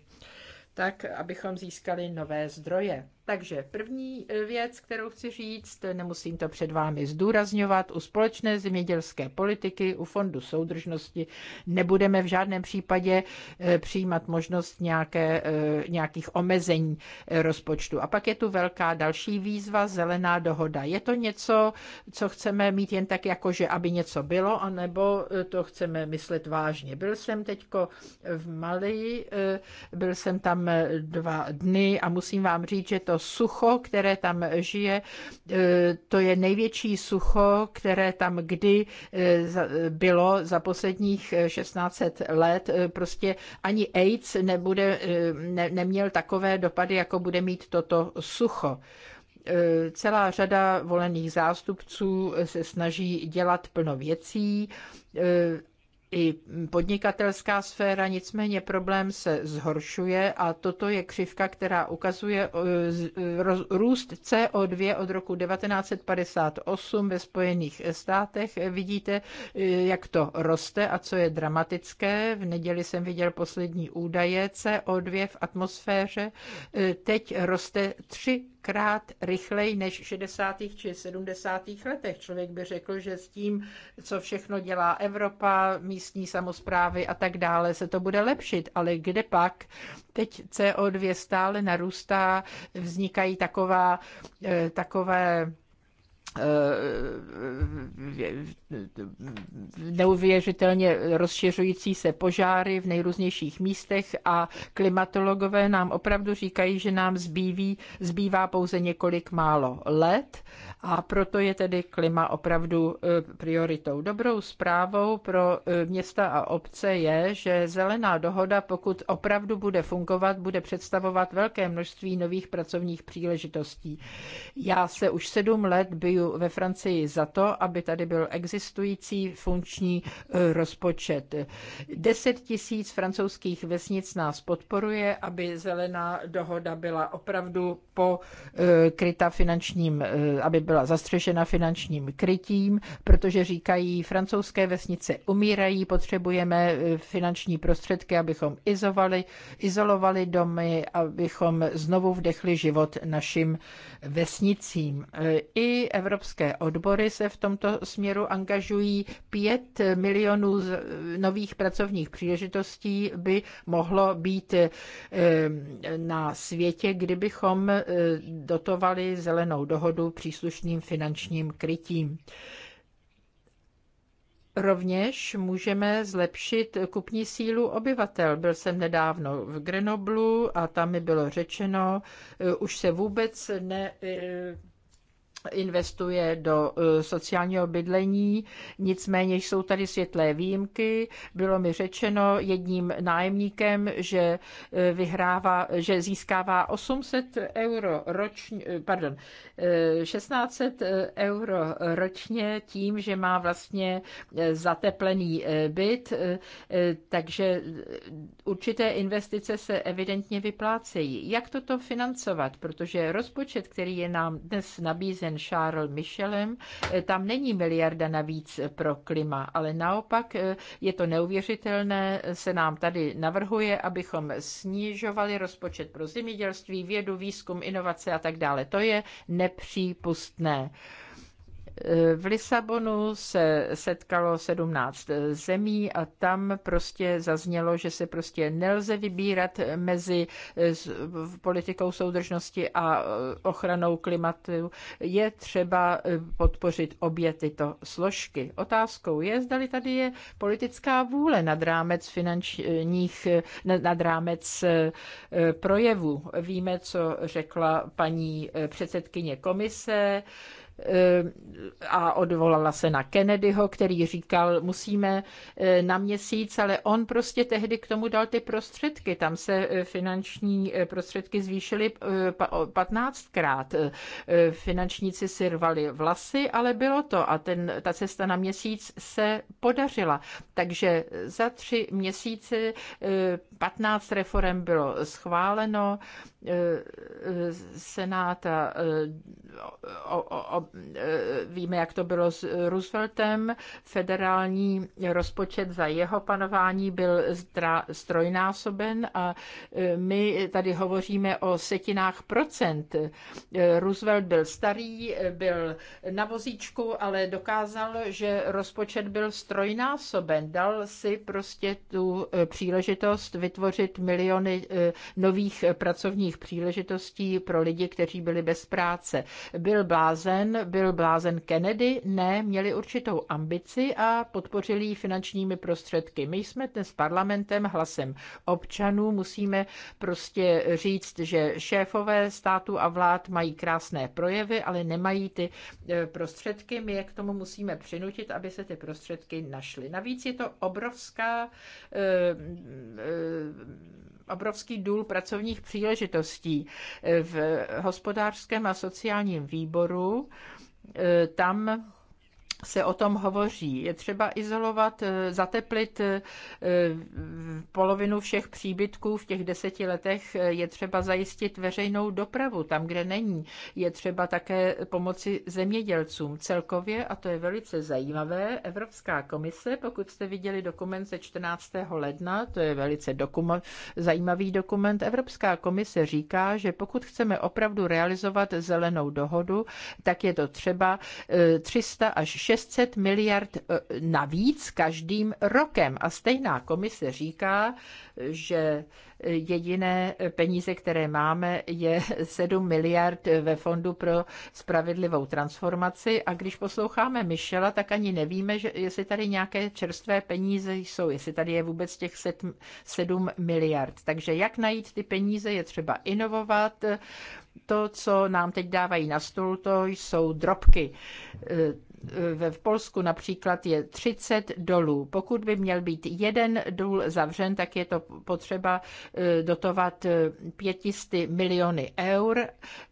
Speaker 2: tak abychom získali nové zdroje. Takže první e, věc, kterou chci říct, nemusím to před vámi zdůrazňovat, u společné zemědělské politiky, u Fondu soudržnosti nebudeme v žádném případě e, přijímat možnost nějaké, e, nějakých omezení rozpočtu. A pak je tu velká další výzva, zelená dohoda. Je to něco, co chceme mít jen tak jako, že aby něco bylo, anebo to chceme myslet vážně. Byl jsem teďko v Mali, byl jsem tam dva dny a musím vám říct, že to to sucho, které tam žije, e, to je největší sucho, které tam kdy e, bylo za posledních 16 e, let. Prostě ani AIDS nebude, ne, neměl takové dopady, jako bude mít toto sucho celá řada volených zástupců se snaží dělat plno věcí i podnikatelská sféra, nicméně problém se zhoršuje a toto je křivka, která ukazuje e, e, růst CO2 od roku 1958 ve Spojených státech. Vidíte, e, jak to roste a co je dramatické. V neděli jsem viděl poslední údaje CO2 v atmosféře. Teď roste tři krát rychleji než v 60. či 70. letech. Člověk by řekl, že s tím, co všechno dělá Evropa, místní samozprávy a tak dále, se to bude lepšit. Ale kde pak? Teď CO2 stále narůstá, vznikají taková, eh, takové neuvěřitelně rozšiřující se požáry v nejrůznějších místech a klimatologové nám opravdu říkají, že nám zbýví, zbývá pouze několik málo let a proto je tedy klima opravdu e, prioritou. Dobrou zprávou pro e, města a obce je, že zelená dohoda, pokud opravdu bude fungovat, bude představovat velké množství nových pracovních příležitostí. Já se už sedm let biju ve Francii za to, aby tady byl existující funkční e, rozpočet. 10 tisíc francouzských vesnic nás podporuje, aby zelená dohoda byla opravdu pokryta e, finančním, e, aby byla zastřešena finančním krytím, protože říkají, francouzské vesnice umírají, potřebujeme finanční prostředky, abychom izovali, izolovali domy, abychom znovu vdechli život našim vesnicím. I Evropa evropské odbory se v tomto směru angažují. Pět milionů nových pracovních příležitostí by mohlo být eh, na světě, kdybychom eh, dotovali zelenou dohodu příslušným finančním krytím. Rovněž můžeme zlepšit kupní sílu obyvatel. Byl jsem nedávno v Grenoblu a tam mi bylo řečeno, eh, už se vůbec ne investuje do e, sociálního bydlení, nicméně jsou tady světlé výjimky. Bylo mi řečeno jedním nájemníkem, že e, vyhrává, že získává 800 euro ročně, e, pardon, 1600 euro ročně tím, že má vlastně zateplený byt, takže určité investice se evidentně vyplácejí. Jak toto financovat? Protože rozpočet, který je nám dnes nabízen, řízen Charles Michelem, eh, tam není miliarda navíc pro klima, ale naopak eh, je to neuvěřitelné, se nám tady navrhuje, abychom snižovali rozpočet pro zemědělství, vědu, výzkum, inovace a tak dále. To je nepřípustné. Eh, v Lisabonu se setkalo 17 eh, zemí a tam prostě zaznělo, že se prostě nelze vybírat mezi eh, politikou soudržnosti a ochranou klimatu. Je třeba podpořit obě tyto složky. Otázkou je, zdali tady je politická vůle nad rámec finančních, nad rámec projevů. Víme, co řekla paní předsedkyně komise, Eh, a odvolala se na Kennedyho, který říkal, musíme eh, na měsíc, ale on prostě tehdy k tomu dal ty prostředky. Tam se eh, finanční prostředky zvýšily 15krát. Finančníci si rvali vlasy, ale bylo to a ten, ta cesta na měsíc se podařila. Takže za tři měsíce 15 reform bylo schváleno, Senát a Eh, víme, jak to bylo s Rooseveltem, federální rozpočet za jeho panování byl strojnásoben a eh, my tady hovoříme o setinách procent. Eh, Roosevelt byl starý, byl na vozíčku, ale dokázal, že rozpočet byl strojnásoben. Dal si prostě tu příležitost vytvořit miliony nových pracovních příležitostí pro lidi, kteří byli bez práce. Byl blázen, byl blázen Kennedy? Ne, měli určitou ambici a podpořili ji finančními prostředky. My jsme dnes parlamentem hlasem občanů, musíme prostě říct, že šéfové státu a vlád mají krásné projevy, ale nemají ty e, prostředky. My je k tomu musíme přinutit, aby se ty prostředky našly. Navíc je to obrovská e, e, obrovský důl pracovních příležitostí v hospodářském a sociálním výboru tam se o tom hovoří. Je třeba izolovat, eh, zateplit eh, polovinu všech příbytků v těch deseti letech. Eh, je třeba zajistit veřejnou dopravu tam, kde není. Je třeba také pomoci zemědělcům celkově, a to je velice zajímavé. Evropská komise, pokud jste viděli dokument ze 14. ledna, to je velice dokum- zajímavý dokument. Evropská komise říká, že pokud chceme opravdu realizovat zelenou dohodu, tak je to třeba 300 až 600 600 miliard eh, navíc každým rokem. A stejná komise říká, že jediné peníze, které máme, je 7 miliard ve Fondu pro spravedlivou transformaci. A když posloucháme Michela, tak ani nevíme, že, jestli tady nějaké čerstvé peníze jsou, jestli tady je vůbec těch 7 miliard. Takže jak najít ty peníze, je třeba inovovat. To, co nám teď dávají na stůl, to jsou drobky. Eh, ve v Polsku například je 30 dolů. Pokud by měl být jeden důl zavřen, tak je to potřeba eh, dotovat 500 eh, miliony eur,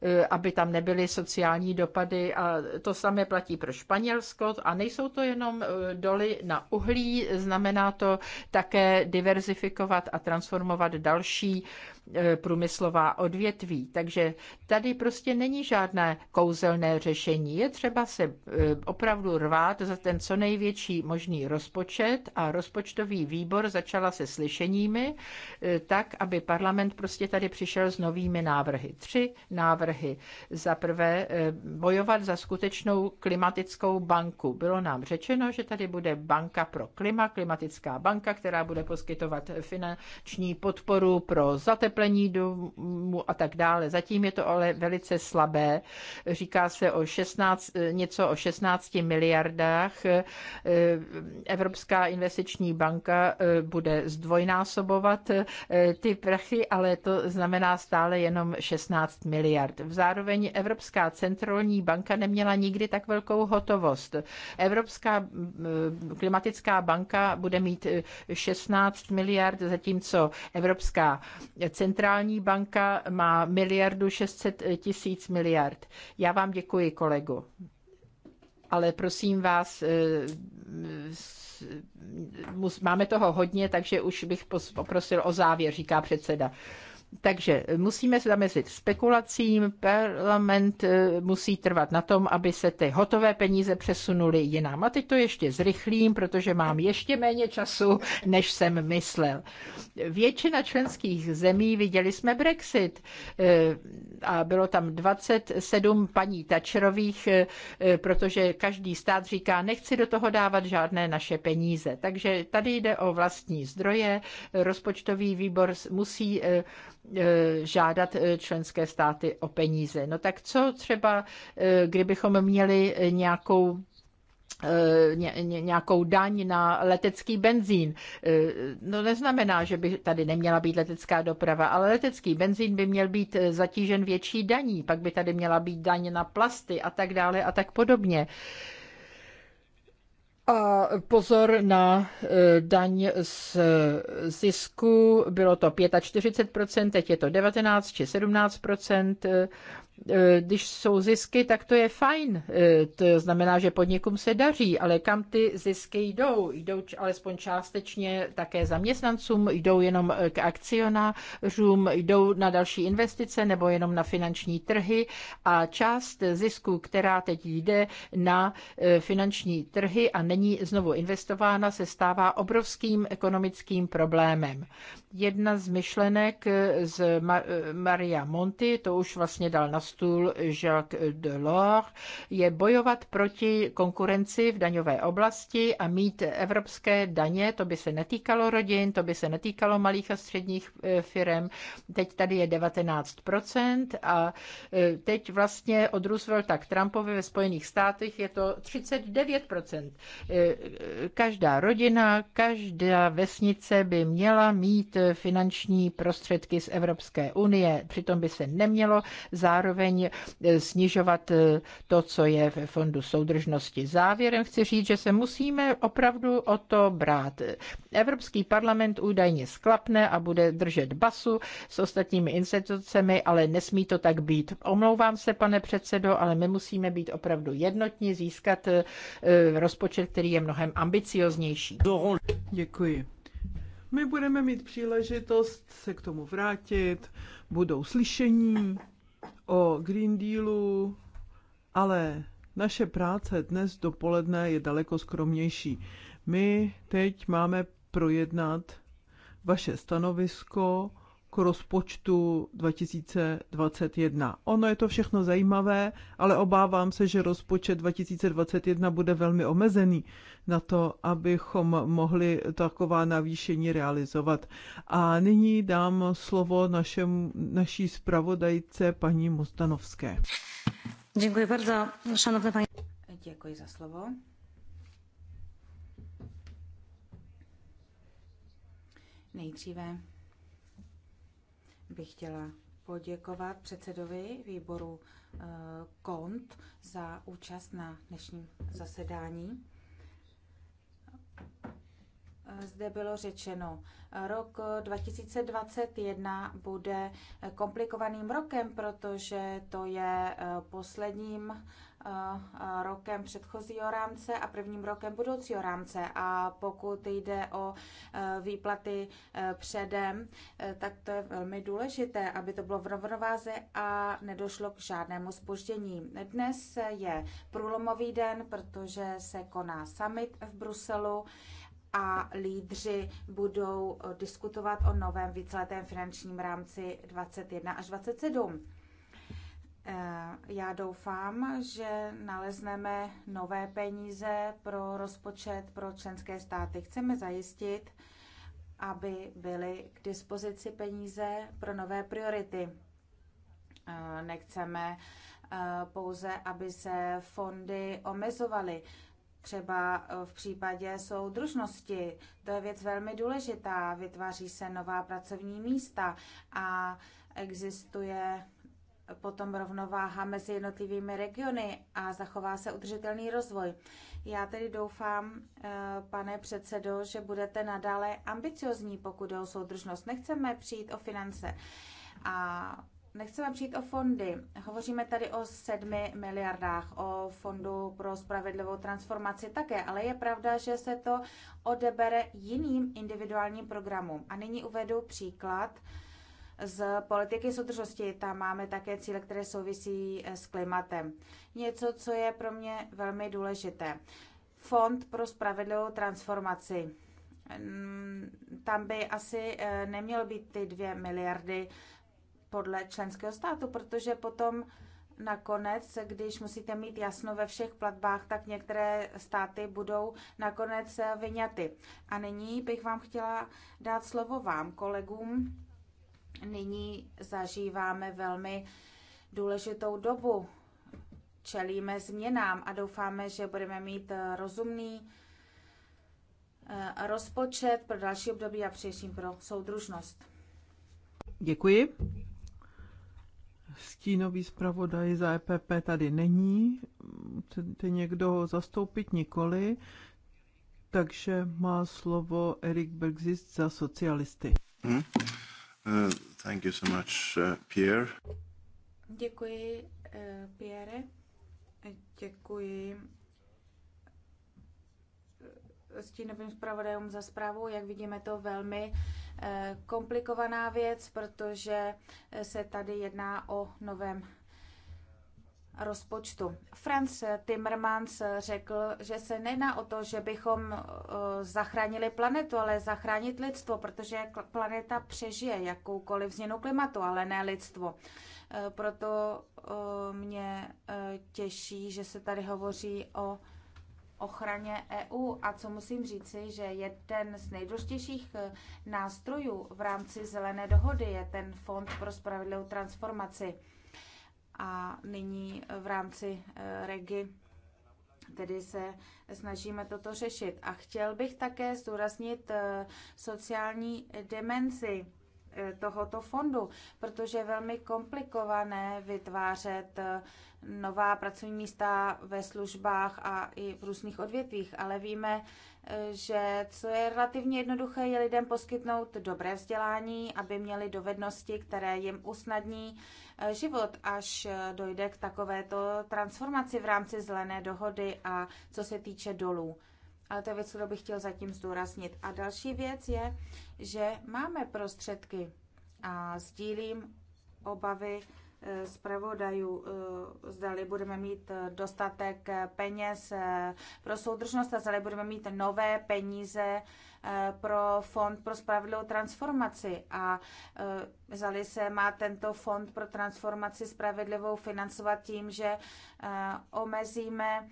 Speaker 2: eh, aby tam nebyly sociální dopady a to samé platí pro Španělsko a nejsou to jenom doly na uhlí, znamená to také diverzifikovat a transformovat další průmyslová odvětví. Takže tady prostě není žádné kouzelné řešení. Je třeba se opravdu rvát za ten co největší možný rozpočet a rozpočtový výbor začala se slyšeními, e, tak, aby parlament prostě tady přišel s novými návrhy. Tři návrhy. Za prvé e, bojovat za skutečnou klimatickou banku. Bylo nám řečeno, že tady bude banka pro klima, klimatická banka, která bude poskytovat finanční podporu pro zateplení domů a tak dále. Zatím je to ale velice slabé. Říká se o 16, e, něco o 16 15 miliardách. Eh, Evropská investiční banka eh, bude zdvojnásobovat eh, ty prachy, ale to znamená stále jenom 16 miliard. Zároveň Evropská centrální banka neměla nikdy tak velkou hotovost. Evropská klimatická banka bude mít 16 miliard, zatímco Evropská centrální banka má miliardu 600 tisíc miliard. Já vám děkuji, kolego ale prosím vás, eh, máme toho hodně, takže už bych poprosil o závěr, říká předseda. Takže musíme zamezit spekulacím, parlament eh, musí trvat na tom, aby se ty hotové peníze přesunuly jinam. A teď to ještě zrychlím, protože mám ještě méně času, než jsem myslel. Většina členských zemí, viděli jsme Brexit eh, a bylo tam 27 paní Tačerových, eh, protože každý stát říká, nechci do toho dávat žádné naše peníze. Takže tady jde o vlastní zdroje, rozpočtový výbor musí E, žádat e, členské státy o peníze. No tak co třeba, e, kdybychom měli nějakou nějakou daň na letecký benzín. No neznamená, že by tady neměla být letecká doprava, ale letecký benzín by měl být zatížen větší daní, pak by tady měla být daň na plasty a tak dále a tak podobně. A pozor na e, daň e, z zisku, bylo to 45%, teď je to 19 či 17%. Eh, když jsou zisky, tak to je fajn. Eh, to znamená, že podnikům se daří, ale kam ty zisky jdou? Jdou alespoň částečně také zaměstnancům, jdou jenom eh, k akcionářům, jdou na další investice nebo jenom na finanční trhy a část zisku, která teď jde na finanční trhy a není znovu investována, se stává obrovským ekonomickým problémem. Jedna z myšlenek z Maria Monti, to už vlastně dal na stůl Jacques Delors, je bojovat proti konkurenci v daňové oblasti a mít evropské daně, to by se netýkalo rodin, to by se netýkalo malých a středních eh, firm. Teď tady je 19% a eh, teď vlastně od Roosevelta k Trumpovi ve Spojených státech je to 39%. Eh, každá rodina, každá vesnice by měla mít finanční prostředky z Evropské unie, přitom by se nemělo zároveň zároveň eh, snižovat eh, to, co je ve fondu soudržnosti. Závěrem chci říct, že se musíme opravdu o to brát. Evropský parlament údajně sklapne a bude držet basu s ostatními institucemi, ale nesmí to tak být. Omlouvám se, pane předsedo, ale my musíme být opravdu jednotní, získat eh, rozpočet, který je mnohem ambicioznější. Děkuji.
Speaker 3: My budeme mít příležitost se k tomu vrátit, budou slyšení o Green Dealu, ale naše práce dnes dopoledne je daleko skromnější. My teď máme projednat vaše stanovisko k rozpočtu 2021. Ono je to všechno zajímavé, ale obávám se, že rozpočet 2021 bude velmi omezený na to, abychom mohli taková navýšení realizovat. A nyní dám slovo našem, naší zpravodajce paní Mostanovské.
Speaker 1: Děkuji bardzo, šanovné paní. Děkuji za slovo. Nejdříve bych chtěla poděkovat předsedovi výboru eh, KONT za účast na dnešním zasedání. Eh, zde bylo řečeno, eh, rok 2021 bude komplikovaným rokem, protože to je posledním rokem předchozího rámce a prvním rokem budoucího rámce. A pokud jde o e, výplaty e, předem, e, tak to je velmi důležité, aby to bylo v rovnováze a nedošlo k žádnému spoždění. Dnes je průlomový den, protože se koná summit v Bruselu a lídři budou diskutovat o novém víceletém finančním rámci 21 až 27. Eh, já doufám, že nalezneme nové peníze pro rozpočet pro členské státy. Chceme zajistit, aby byly k dispozici peníze pro nové priority. Eh, nechceme eh, pouze, aby se fondy omezovaly. Třeba v případě soudružnosti, to je věc velmi důležitá, vytváří se nová pracovní místa a existuje potom rovnováha mezi jednotlivými regiony a zachová se udržitelný rozvoj. Já tedy doufám, eh, pane předsedo, že budete nadále ambiciozní, pokud jde o soudržnost. Nechceme přijít o finance a nechceme přijít o fondy. Hovoříme tady o sedmi miliardách, o fondu pro spravedlivou transformaci také, ale je pravda, že se to odebere jiným individuálním programům. A nyní uvedu příklad z politiky soudržnosti tam máme také cíle, které souvisí eh, s klimatem. Něco, co je pro mě velmi důležité. Fond pro spravedlivou transformaci. Mm, tam by asi eh, nemělo být ty dvě miliardy podle členského státu, protože potom nakonec, když musíte mít jasno ve všech platbách, tak některé státy budou nakonec eh, vyňaty. A nyní bych vám chtěla dát slovo vám, kolegům, nyní zažíváme velmi důležitou dobu. Čelíme změnám a doufáme, že budeme mít eh, rozumný eh, rozpočet pro další období a především pro soudružnost.
Speaker 3: Děkuji. Stínový zpravodaj za EPP tady není. Chcete někdo ho zastoupit? Nikoli. Takže má slovo Erik Bergzist za socialisty. Hmm? Uh, thank you so much, uh, Pierre.
Speaker 1: Děkuji, uh, Pierre. Děkuji uh, stínovým zpravodajům za zprávu. Jak vidíme, to velmi uh, komplikovaná věc, protože se tady jedná o novém rozpočtu. Franz Timmermans řekl, že se nejedná o to, že bychom eh, zachránili planetu, ale zachránit lidstvo, protože planeta přežije jakoukoliv změnu klimatu, ale ne lidstvo. Eh, proto eh, mě těší, že se tady hovoří o ochraně EU a co musím říci, že jeden z nejdůležitějších nástrojů v rámci zelené dohody je ten Fond pro spravedlivou transformaci a nyní v rámci eh, REGI tedy se snažíme toto řešit. A chtěl bych také zdůraznit eh, sociální demenci eh, tohoto fondu, protože je velmi komplikované vytvářet nová pracovní místa ve službách a i v různých odvětvích, ale víme, že co je relativně jednoduché, je lidem poskytnout dobré vzdělání, aby měli dovednosti, které jim usnadní život, až dojde k takovéto transformaci v rámci zelené dohody a co se týče dolů. Ale to je věc, kterou bych chtěl zatím zdůraznit. A další věc je, že máme prostředky a sdílím obavy eh, zpravodajů, eh, zdali budeme mít eh, dostatek peněz pro soudržnost a zdali budeme mít nové peníze Eh, pro Fond pro spravedlivou transformaci a vzali eh, se má tento Fond pro transformaci spravedlivou financovat tím, že eh, omezíme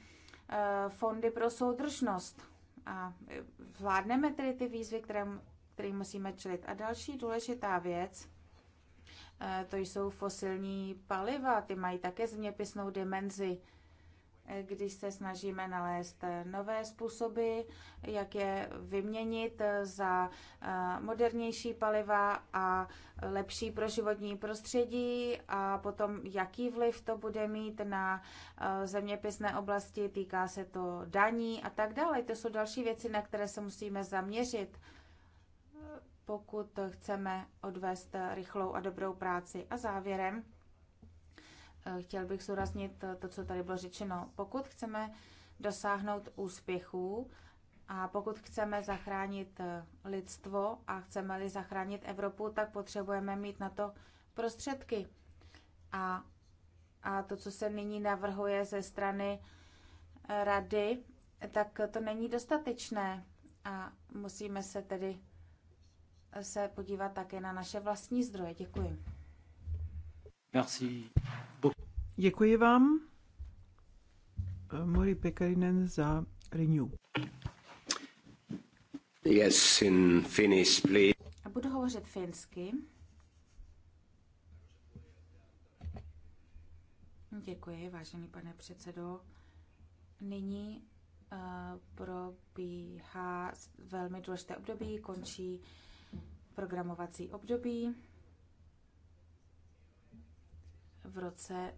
Speaker 1: fondy pro soudržnost. A vládneme tedy ty výzvy, které, které musíme čelit. A další důležitá věc, to jsou fosilní paliva, ty mají také zeměpisnou dimenzi když se snažíme nalézt nové způsoby, jak je vyměnit za eh, modernější paliva a lepší pro životní prostředí a potom, jaký vliv to bude mít na eh, zeměpisné oblasti, týká se to daní a tak dále. To jsou další věci, na které se musíme zaměřit eh, pokud chceme odvést rychlou a dobrou práci. A závěrem, Eh, chtěl bych zúraznit eh, to, co tady bylo řečeno. Pokud chceme dosáhnout úspěchů a pokud chceme zachránit eh, lidstvo a chceme-li zachránit Evropu, tak potřebujeme mít na to prostředky. A, a to, co se nyní navrhuje ze strany rady, tak to není dostatečné a musíme se tedy se podívat také na naše vlastní zdroje. Děkuji.
Speaker 3: Merci. Děkuji vám. Mori Pekarinen za Renew.
Speaker 1: Yes, in Finnish, please. A budu hovořit finsky. Děkuji, vážený pane předsedo. Nyní uh, probíhá velmi důležité období, končí programovací období v roce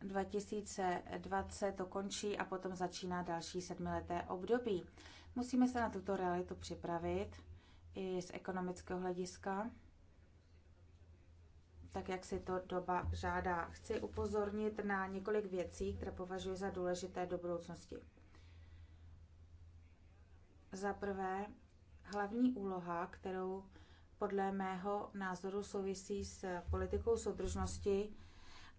Speaker 1: 2020 to končí a potom začíná další sedmileté období. Musíme se na tuto realitu připravit i z ekonomického hlediska, tak jak si to doba žádá. Chci upozornit na několik věcí, které považuji za důležité do budoucnosti. Za prvé, hlavní úloha, kterou podle mého názoru souvisí s politikou soudržnosti,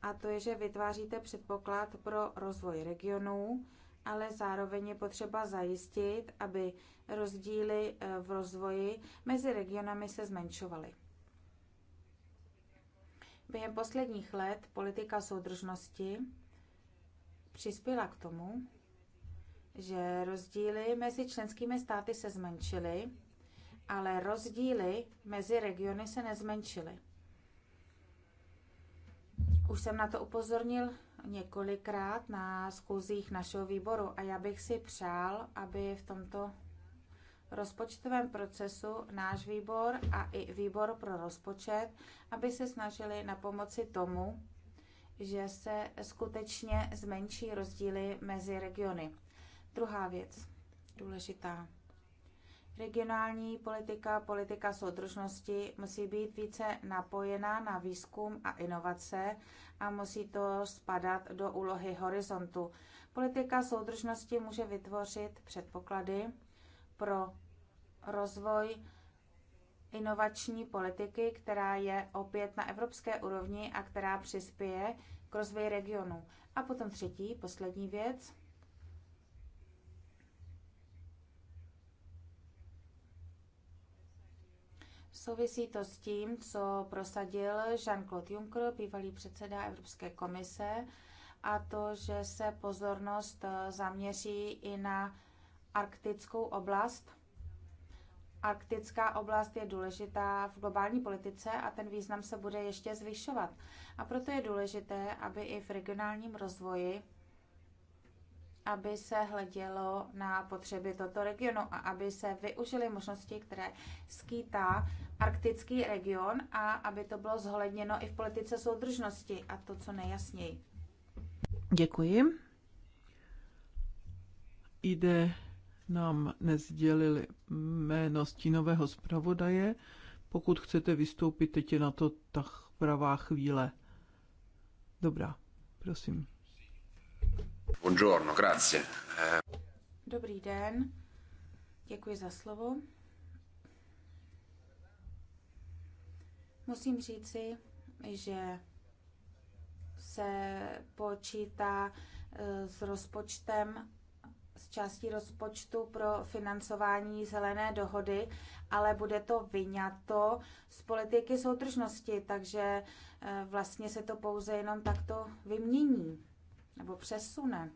Speaker 1: a to je, že vytváříte předpoklad pro rozvoj regionů, ale zároveň je potřeba zajistit, aby rozdíly eh, v rozvoji mezi regionami se zmenšovaly. Během posledních let politika soudržnosti přispěla k tomu, že rozdíly mezi členskými státy se zmenšily ale rozdíly mezi regiony se nezmenšily. Už jsem na to upozornil několikrát na schůzích našeho výboru a já bych si přál, aby v tomto rozpočtovém procesu náš výbor a i výbor pro rozpočet, aby se snažili na pomoci tomu, že se skutečně zmenší rozdíly mezi regiony. Druhá věc, důležitá. Regionální politika, politika soudržnosti musí být více napojená na výzkum a inovace a musí to spadat do úlohy horizontu. Politika soudržnosti může vytvořit předpoklady pro rozvoj inovační politiky, která je opět na evropské úrovni a která přispěje k rozvoji regionu. A potom třetí, poslední věc. Souvisí to s tím, co prosadil Jean-Claude Juncker, bývalý předseda Evropské komise, a to, že se pozornost eh, zaměří i na arktickou oblast. Arktická oblast je důležitá v globální politice a ten význam se bude ještě zvyšovat. A proto je důležité, aby i v regionálním rozvoji aby se hledělo na potřeby tohoto regionu a aby se využily možnosti, které skýtá arktický region a aby to bylo zohledněno i v politice soudržnosti a to co nejjasněji.
Speaker 3: Děkuji. Jde nám nezdělili jméno stínového zpravodaje. Pokud chcete vystoupit, teď je na to ta pravá chvíle. Dobrá, prosím.
Speaker 2: Buongiorno, grazie.
Speaker 1: Dobrý den, děkuji za slovo. Musím říci, že se počítá eh, s rozpočtem, s částí rozpočtu pro financování zelené dohody, ale bude to vyňato z politiky soudržnosti, takže eh, vlastně se to pouze jenom takto vymění nebo přesune.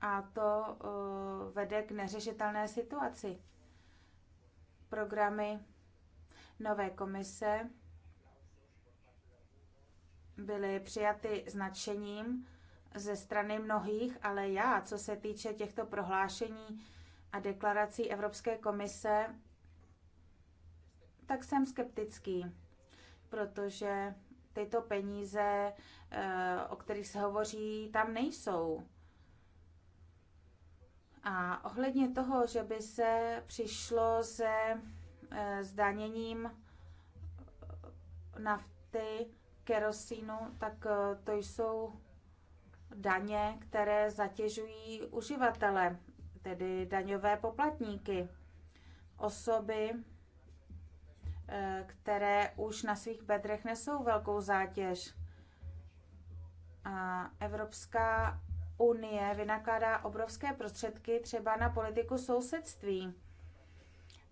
Speaker 1: A to uh, vede k neřešitelné situaci. Programy nové komise byly přijaty značením ze strany mnohých, ale já, co se týče těchto prohlášení a deklarací Evropské komise, tak jsem skeptický protože tyto peníze, eh, o kterých se hovoří, tam nejsou. A ohledně toho, že by se přišlo se eh, zdaněním nafty, kerosínu, tak eh, to jsou daně, které zatěžují uživatele, tedy daňové poplatníky, osoby, Eh, které už na svých bedrech nesou velkou zátěž. A Evropská unie vynakládá obrovské prostředky třeba na politiku sousedství.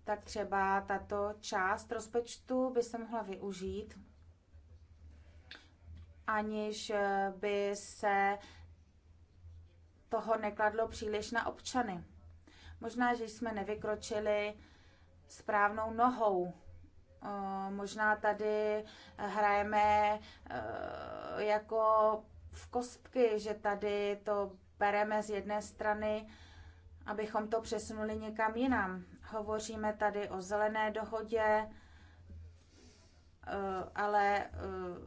Speaker 1: Tak třeba tato část rozpočtu by se mohla využít, aniž by se toho nekladlo příliš na občany. Možná, že jsme nevykročili správnou nohou Eh, možná tady eh, hrajeme eh, jako v kostky, že tady to bereme z jedné strany, abychom to přesunuli někam jinam. Hovoříme tady o zelené dohodě, ale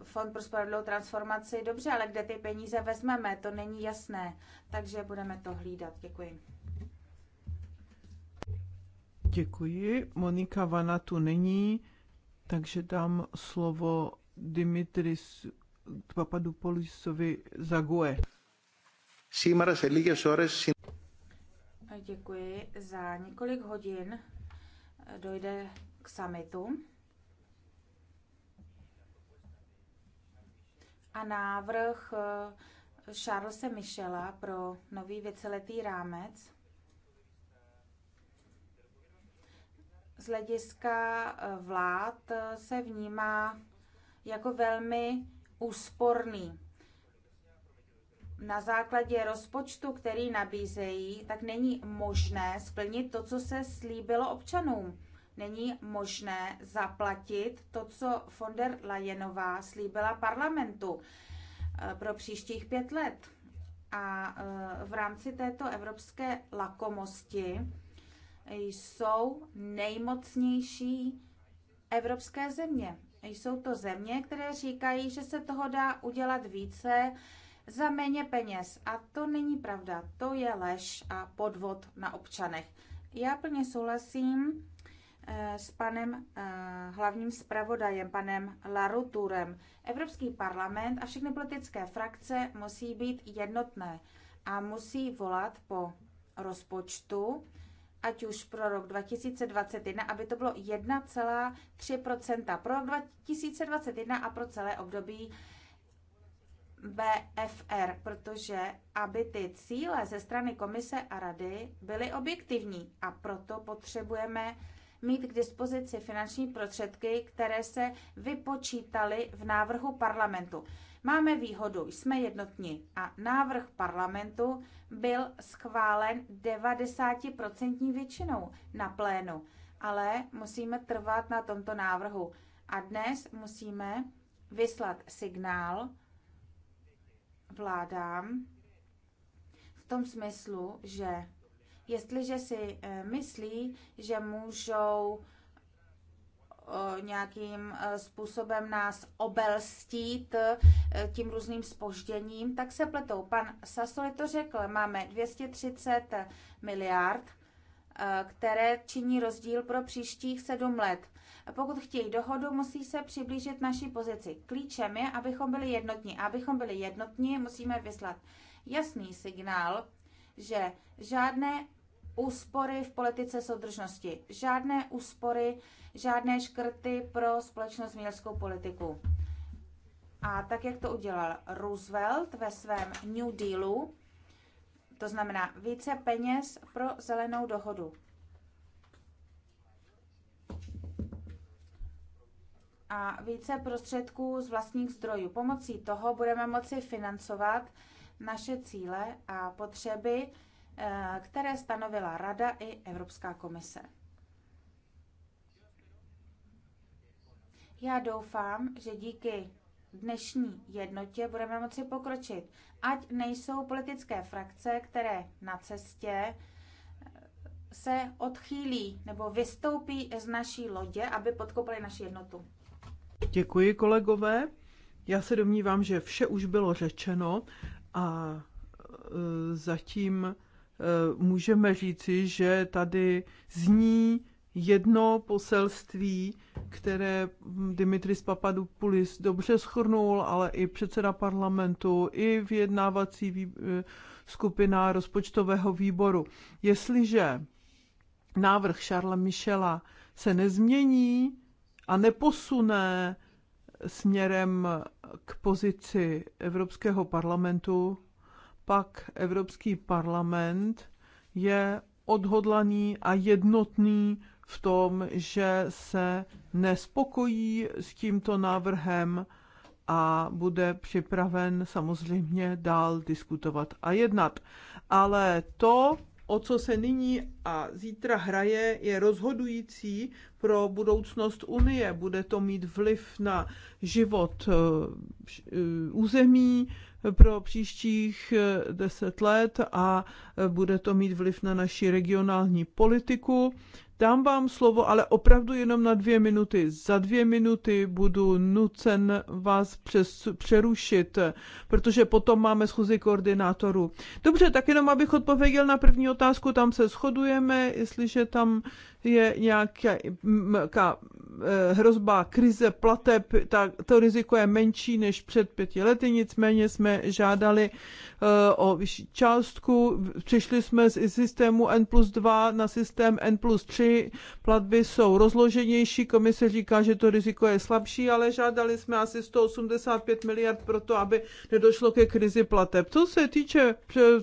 Speaker 1: Fond pro spravedlivou transformaci, dobře, ale kde ty peníze vezmeme, to není jasné, takže budeme to hlídat. Děkuji.
Speaker 3: Děkuji. Monika Vana tu není takže dám slovo Dimitris Papadopoulosovi Zague. Σήμερα σε λίγες ώρες...
Speaker 1: Děkuji. Za několik hodin eh, dojde k summitu. A návrh eh, Charlesa Michela pro nový víceletý rámec z hlediska eh, vlád eh, se vnímá jako velmi úsporný. Na základě rozpočtu, který nabízejí, tak není možné splnit to, co se slíbilo občanům. Není možné zaplatit to, co von der Leyenová slíbila parlamentu eh, pro příštích pět let. A v rámci této evropské lakomosti jsou nejmocnější evropské země. Jsou to země, které říkají, že se toho dá udělat více za méně peněz. A to není pravda, to je lež a podvod na občanech. Já plně souhlasím eh, s panem eh, hlavním zpravodajem, panem Laruturem. Evropský parlament a všechny politické frakce musí být jednotné a musí volat po rozpočtu, ať už pro rok 2021, aby to bylo 1,3 pro rok 2021 a pro celé období BFR, protože aby ty cíle ze strany komise a rady byly objektivní a proto potřebujeme mít k dispozici finanční prostředky, které se vypočítaly v návrhu parlamentu. Máme výhodu, jsme jednotní a návrh parlamentu byl schválen 90% většinou na plénu, ale musíme trvat na tomto návrhu. A dnes musíme vyslat signál vládám v tom smyslu, že Jestliže si eh, myslí, že můžou eh, nějakým eh, způsobem nás obelstít tím různým spožděním, tak se pletou. Pan Sasoli to řekl, máme 230 miliard, které činí rozdíl pro příštích sedm let. Pokud chtějí dohodu, musí se přiblížit naší pozici. Klíčem je, abychom byli jednotní. A abychom byli jednotní, musíme vyslat jasný signál, že žádné úspory v politice soudržnosti. Žádné úspory, žádné škrty pro společnou zemědělskou politiku. A tak, jak to udělal Roosevelt ve svém New Dealu, to znamená více peněz pro zelenou dohodu. A více prostředků z vlastních zdrojů. Pomocí toho budeme moci financovat naše cíle a potřeby Eh, které stanovila Rada i Evropská komise. Já doufám, že díky dnešní jednotě budeme moci pokročit, ať nejsou politické frakce, které na cestě eh, se odchýlí nebo vystoupí z naší lodě, aby podkopali naši jednotu.
Speaker 3: Děkuji, kolegové. Já se domnívám, že vše už bylo řečeno a eh, zatím Eh, můžeme říci, že tady zní jedno poselství, které Dimitris Papadopoulos dobře schrnul, ale i předseda parlamentu, i vyjednávací eh, skupina rozpočtového výboru. Jestliže návrh Charlesa Michela se nezmění a neposune směrem k pozici Evropského parlamentu, pak Evropský parlament je odhodlaný a jednotný v tom, že se nespokojí s tímto návrhem a bude připraven samozřejmě dál diskutovat a jednat. Ale to, o co se nyní a zítra hraje, je rozhodující pro budoucnost Unie. Bude to mít vliv na život eh, eh, území, pro příštích eh, deset let a eh, bude to mít vliv na naši regionální politiku. Dám vám slovo, ale opravdu jenom na dvě minuty. Za dvě minuty budu nucen vás přes, přerušit, protože potom máme schůzi koordinátorů. Dobře, tak jenom abych odpověděl na první otázku, tam se shodujeme, jestliže tam je nějaká eh, hrozba krize plateb, tak to riziko je menší než před pěti lety, nicméně jsme žádali eh, o vyšší částku, přišli jsme z systému N plus 2 na systém N plus 3, ty platby jsou rozloženější. Komise říká, že to riziko je slabší, ale žádali jsme asi 185 miliard pro to, aby nedošlo ke krizi plateb. Co se týče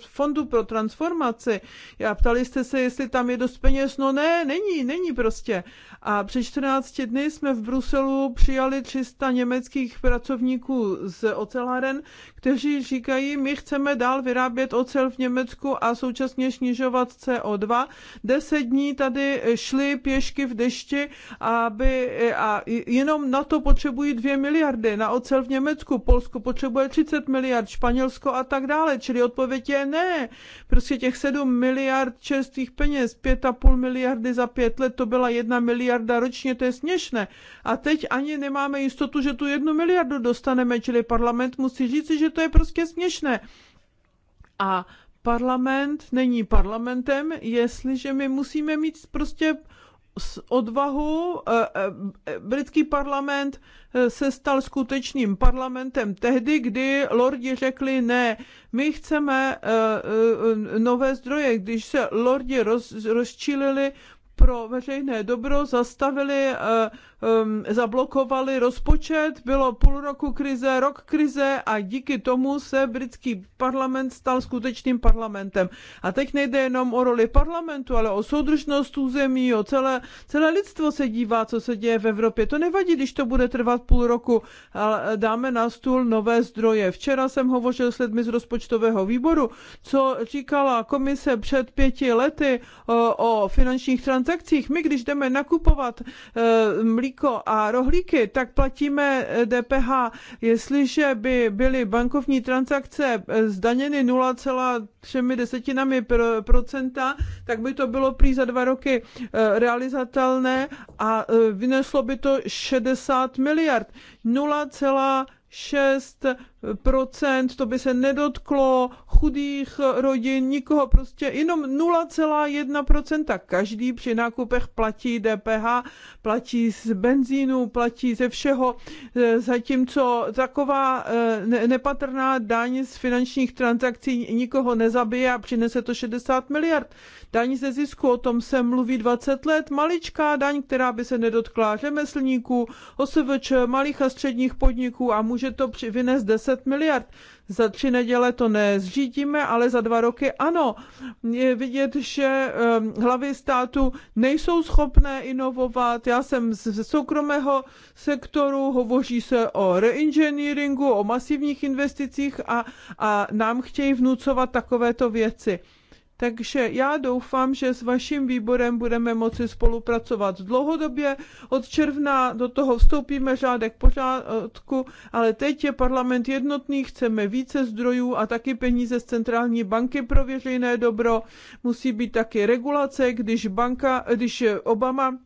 Speaker 3: fondu pro transformaci, já ptali jste se, jestli tam je dost peněz. No ne, není, není prostě. A před 14 dny jsme v Bruselu přijali 300 německých pracovníků z oceláren, kteří říkají, my chceme dál vyrábět ocel v Německu a současně snižovat CO2. 10 dní tady šly pěšky v dešti, aby, a jenom na to potřebují 2 miliardy, na ocel v Německu, Polsko potřebuje 30 miliard, Španělsko a tak dále, čili odpověď je ne. Prostě těch 7 miliard čerstvých peněz, 5,5 miliardy za pět let, to byla 1 miliarda ročně, to je směšné. A teď ani nemáme jistotu, že tu jednu miliardu dostaneme, čili parlament musí říct, že to je prostě směšné. A parlament není parlamentem, jestliže my musíme mít prostě s odvahu. Eh, eh, britský parlament eh, se stal skutečným parlamentem tehdy, kdy lordi řekli ne, my chceme nové zdroje. Když se lordi roz, rozčilili, pro veřejné dobro zastavili, eh, zablokovali rozpočet, bylo půl roku krize, rok krize a díky tomu se britský parlament stal skutečným parlamentem. A teď nejde jenom o roli parlamentu, ale o soudržnost území, o celé, celé lidstvo se dívá, co se děje v Evropě. To nevadí, když to bude trvat půl roku, ale dáme na stůl nové zdroje. Včera jsem hovořil s lidmi z rozpočtového výboru, co říkala komise před pěti lety eh, o finančních transakcích, transakcích. My, když jdeme nakupovat eh, mlíko a rohlíky, tak platíme DPH. Eh, Jestliže by byly bankovní transakce eh, zdaněny 0,3 procenta, tak by to bylo prý za dva roky realizatelné a vyneslo by to 60 miliard. 0,6 procent, to by se nedotklo chudých rodin, nikoho, prostě jenom 0,1% každý při nákupech platí DPH, platí z benzínu, platí ze všeho, e, zatímco taková e, nepatrná daň z finančních transakcí nikoho nezabije a přinese to 60 miliard. Daň ze zisku, o tom se mluví 20 let, maličká daň, která by se nedotkla řemeslníků, osvč, malých a středních podniků a může to vynést 10 20 miliard. Za tři neděle to nezřídíme, ale za dva roky ano. Je vidět, že ehm, hlavy státu nejsou schopné inovovat. Já jsem ze soukromého sektoru, hovoří se o reinženýringu, o masivních investicích a, a nám chtějí vnucovat takovéto věci. Takže já doufám, že s vaším výborem budeme moci spolupracovat dlouhodobě. Od června do toho vstoupíme řádek pořádku, ale teď je parlament jednotný, chceme více zdrojů a taky peníze z centrální banky pro veřejné dobro. Musí být taky regulace, když banka, když Obama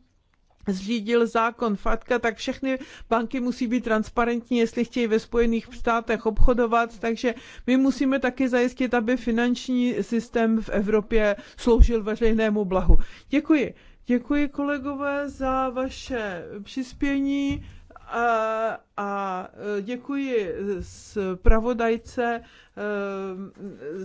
Speaker 3: zřídil zákon FATKA, tak všechny banky musí být transparentní, jestli chtějí ve Spojených státech obchodovat, takže my musíme taky zajistit, aby finanční systém v Evropě sloužil veřejnému blahu. Děkuji. Děkuji kolegové za vaše přispění a, a e, děkuji zpravodajce e,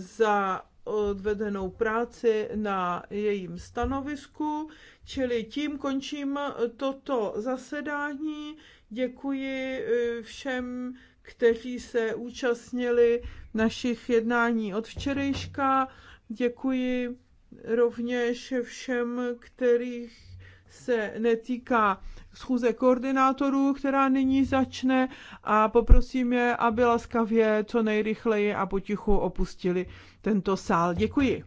Speaker 3: za odvedenou práci na jejím stanovisku, čili tím končím toto zasedání. Děkuji eh, všem, kteří se účastnili našich jednání od včerejška. Děkuji rovněž všem, kterých se netýká schůze koordinátorů, která nyní začne a poprosím je, aby laskavě co nejrychleji a potichu opustili tento sál. Děkuji.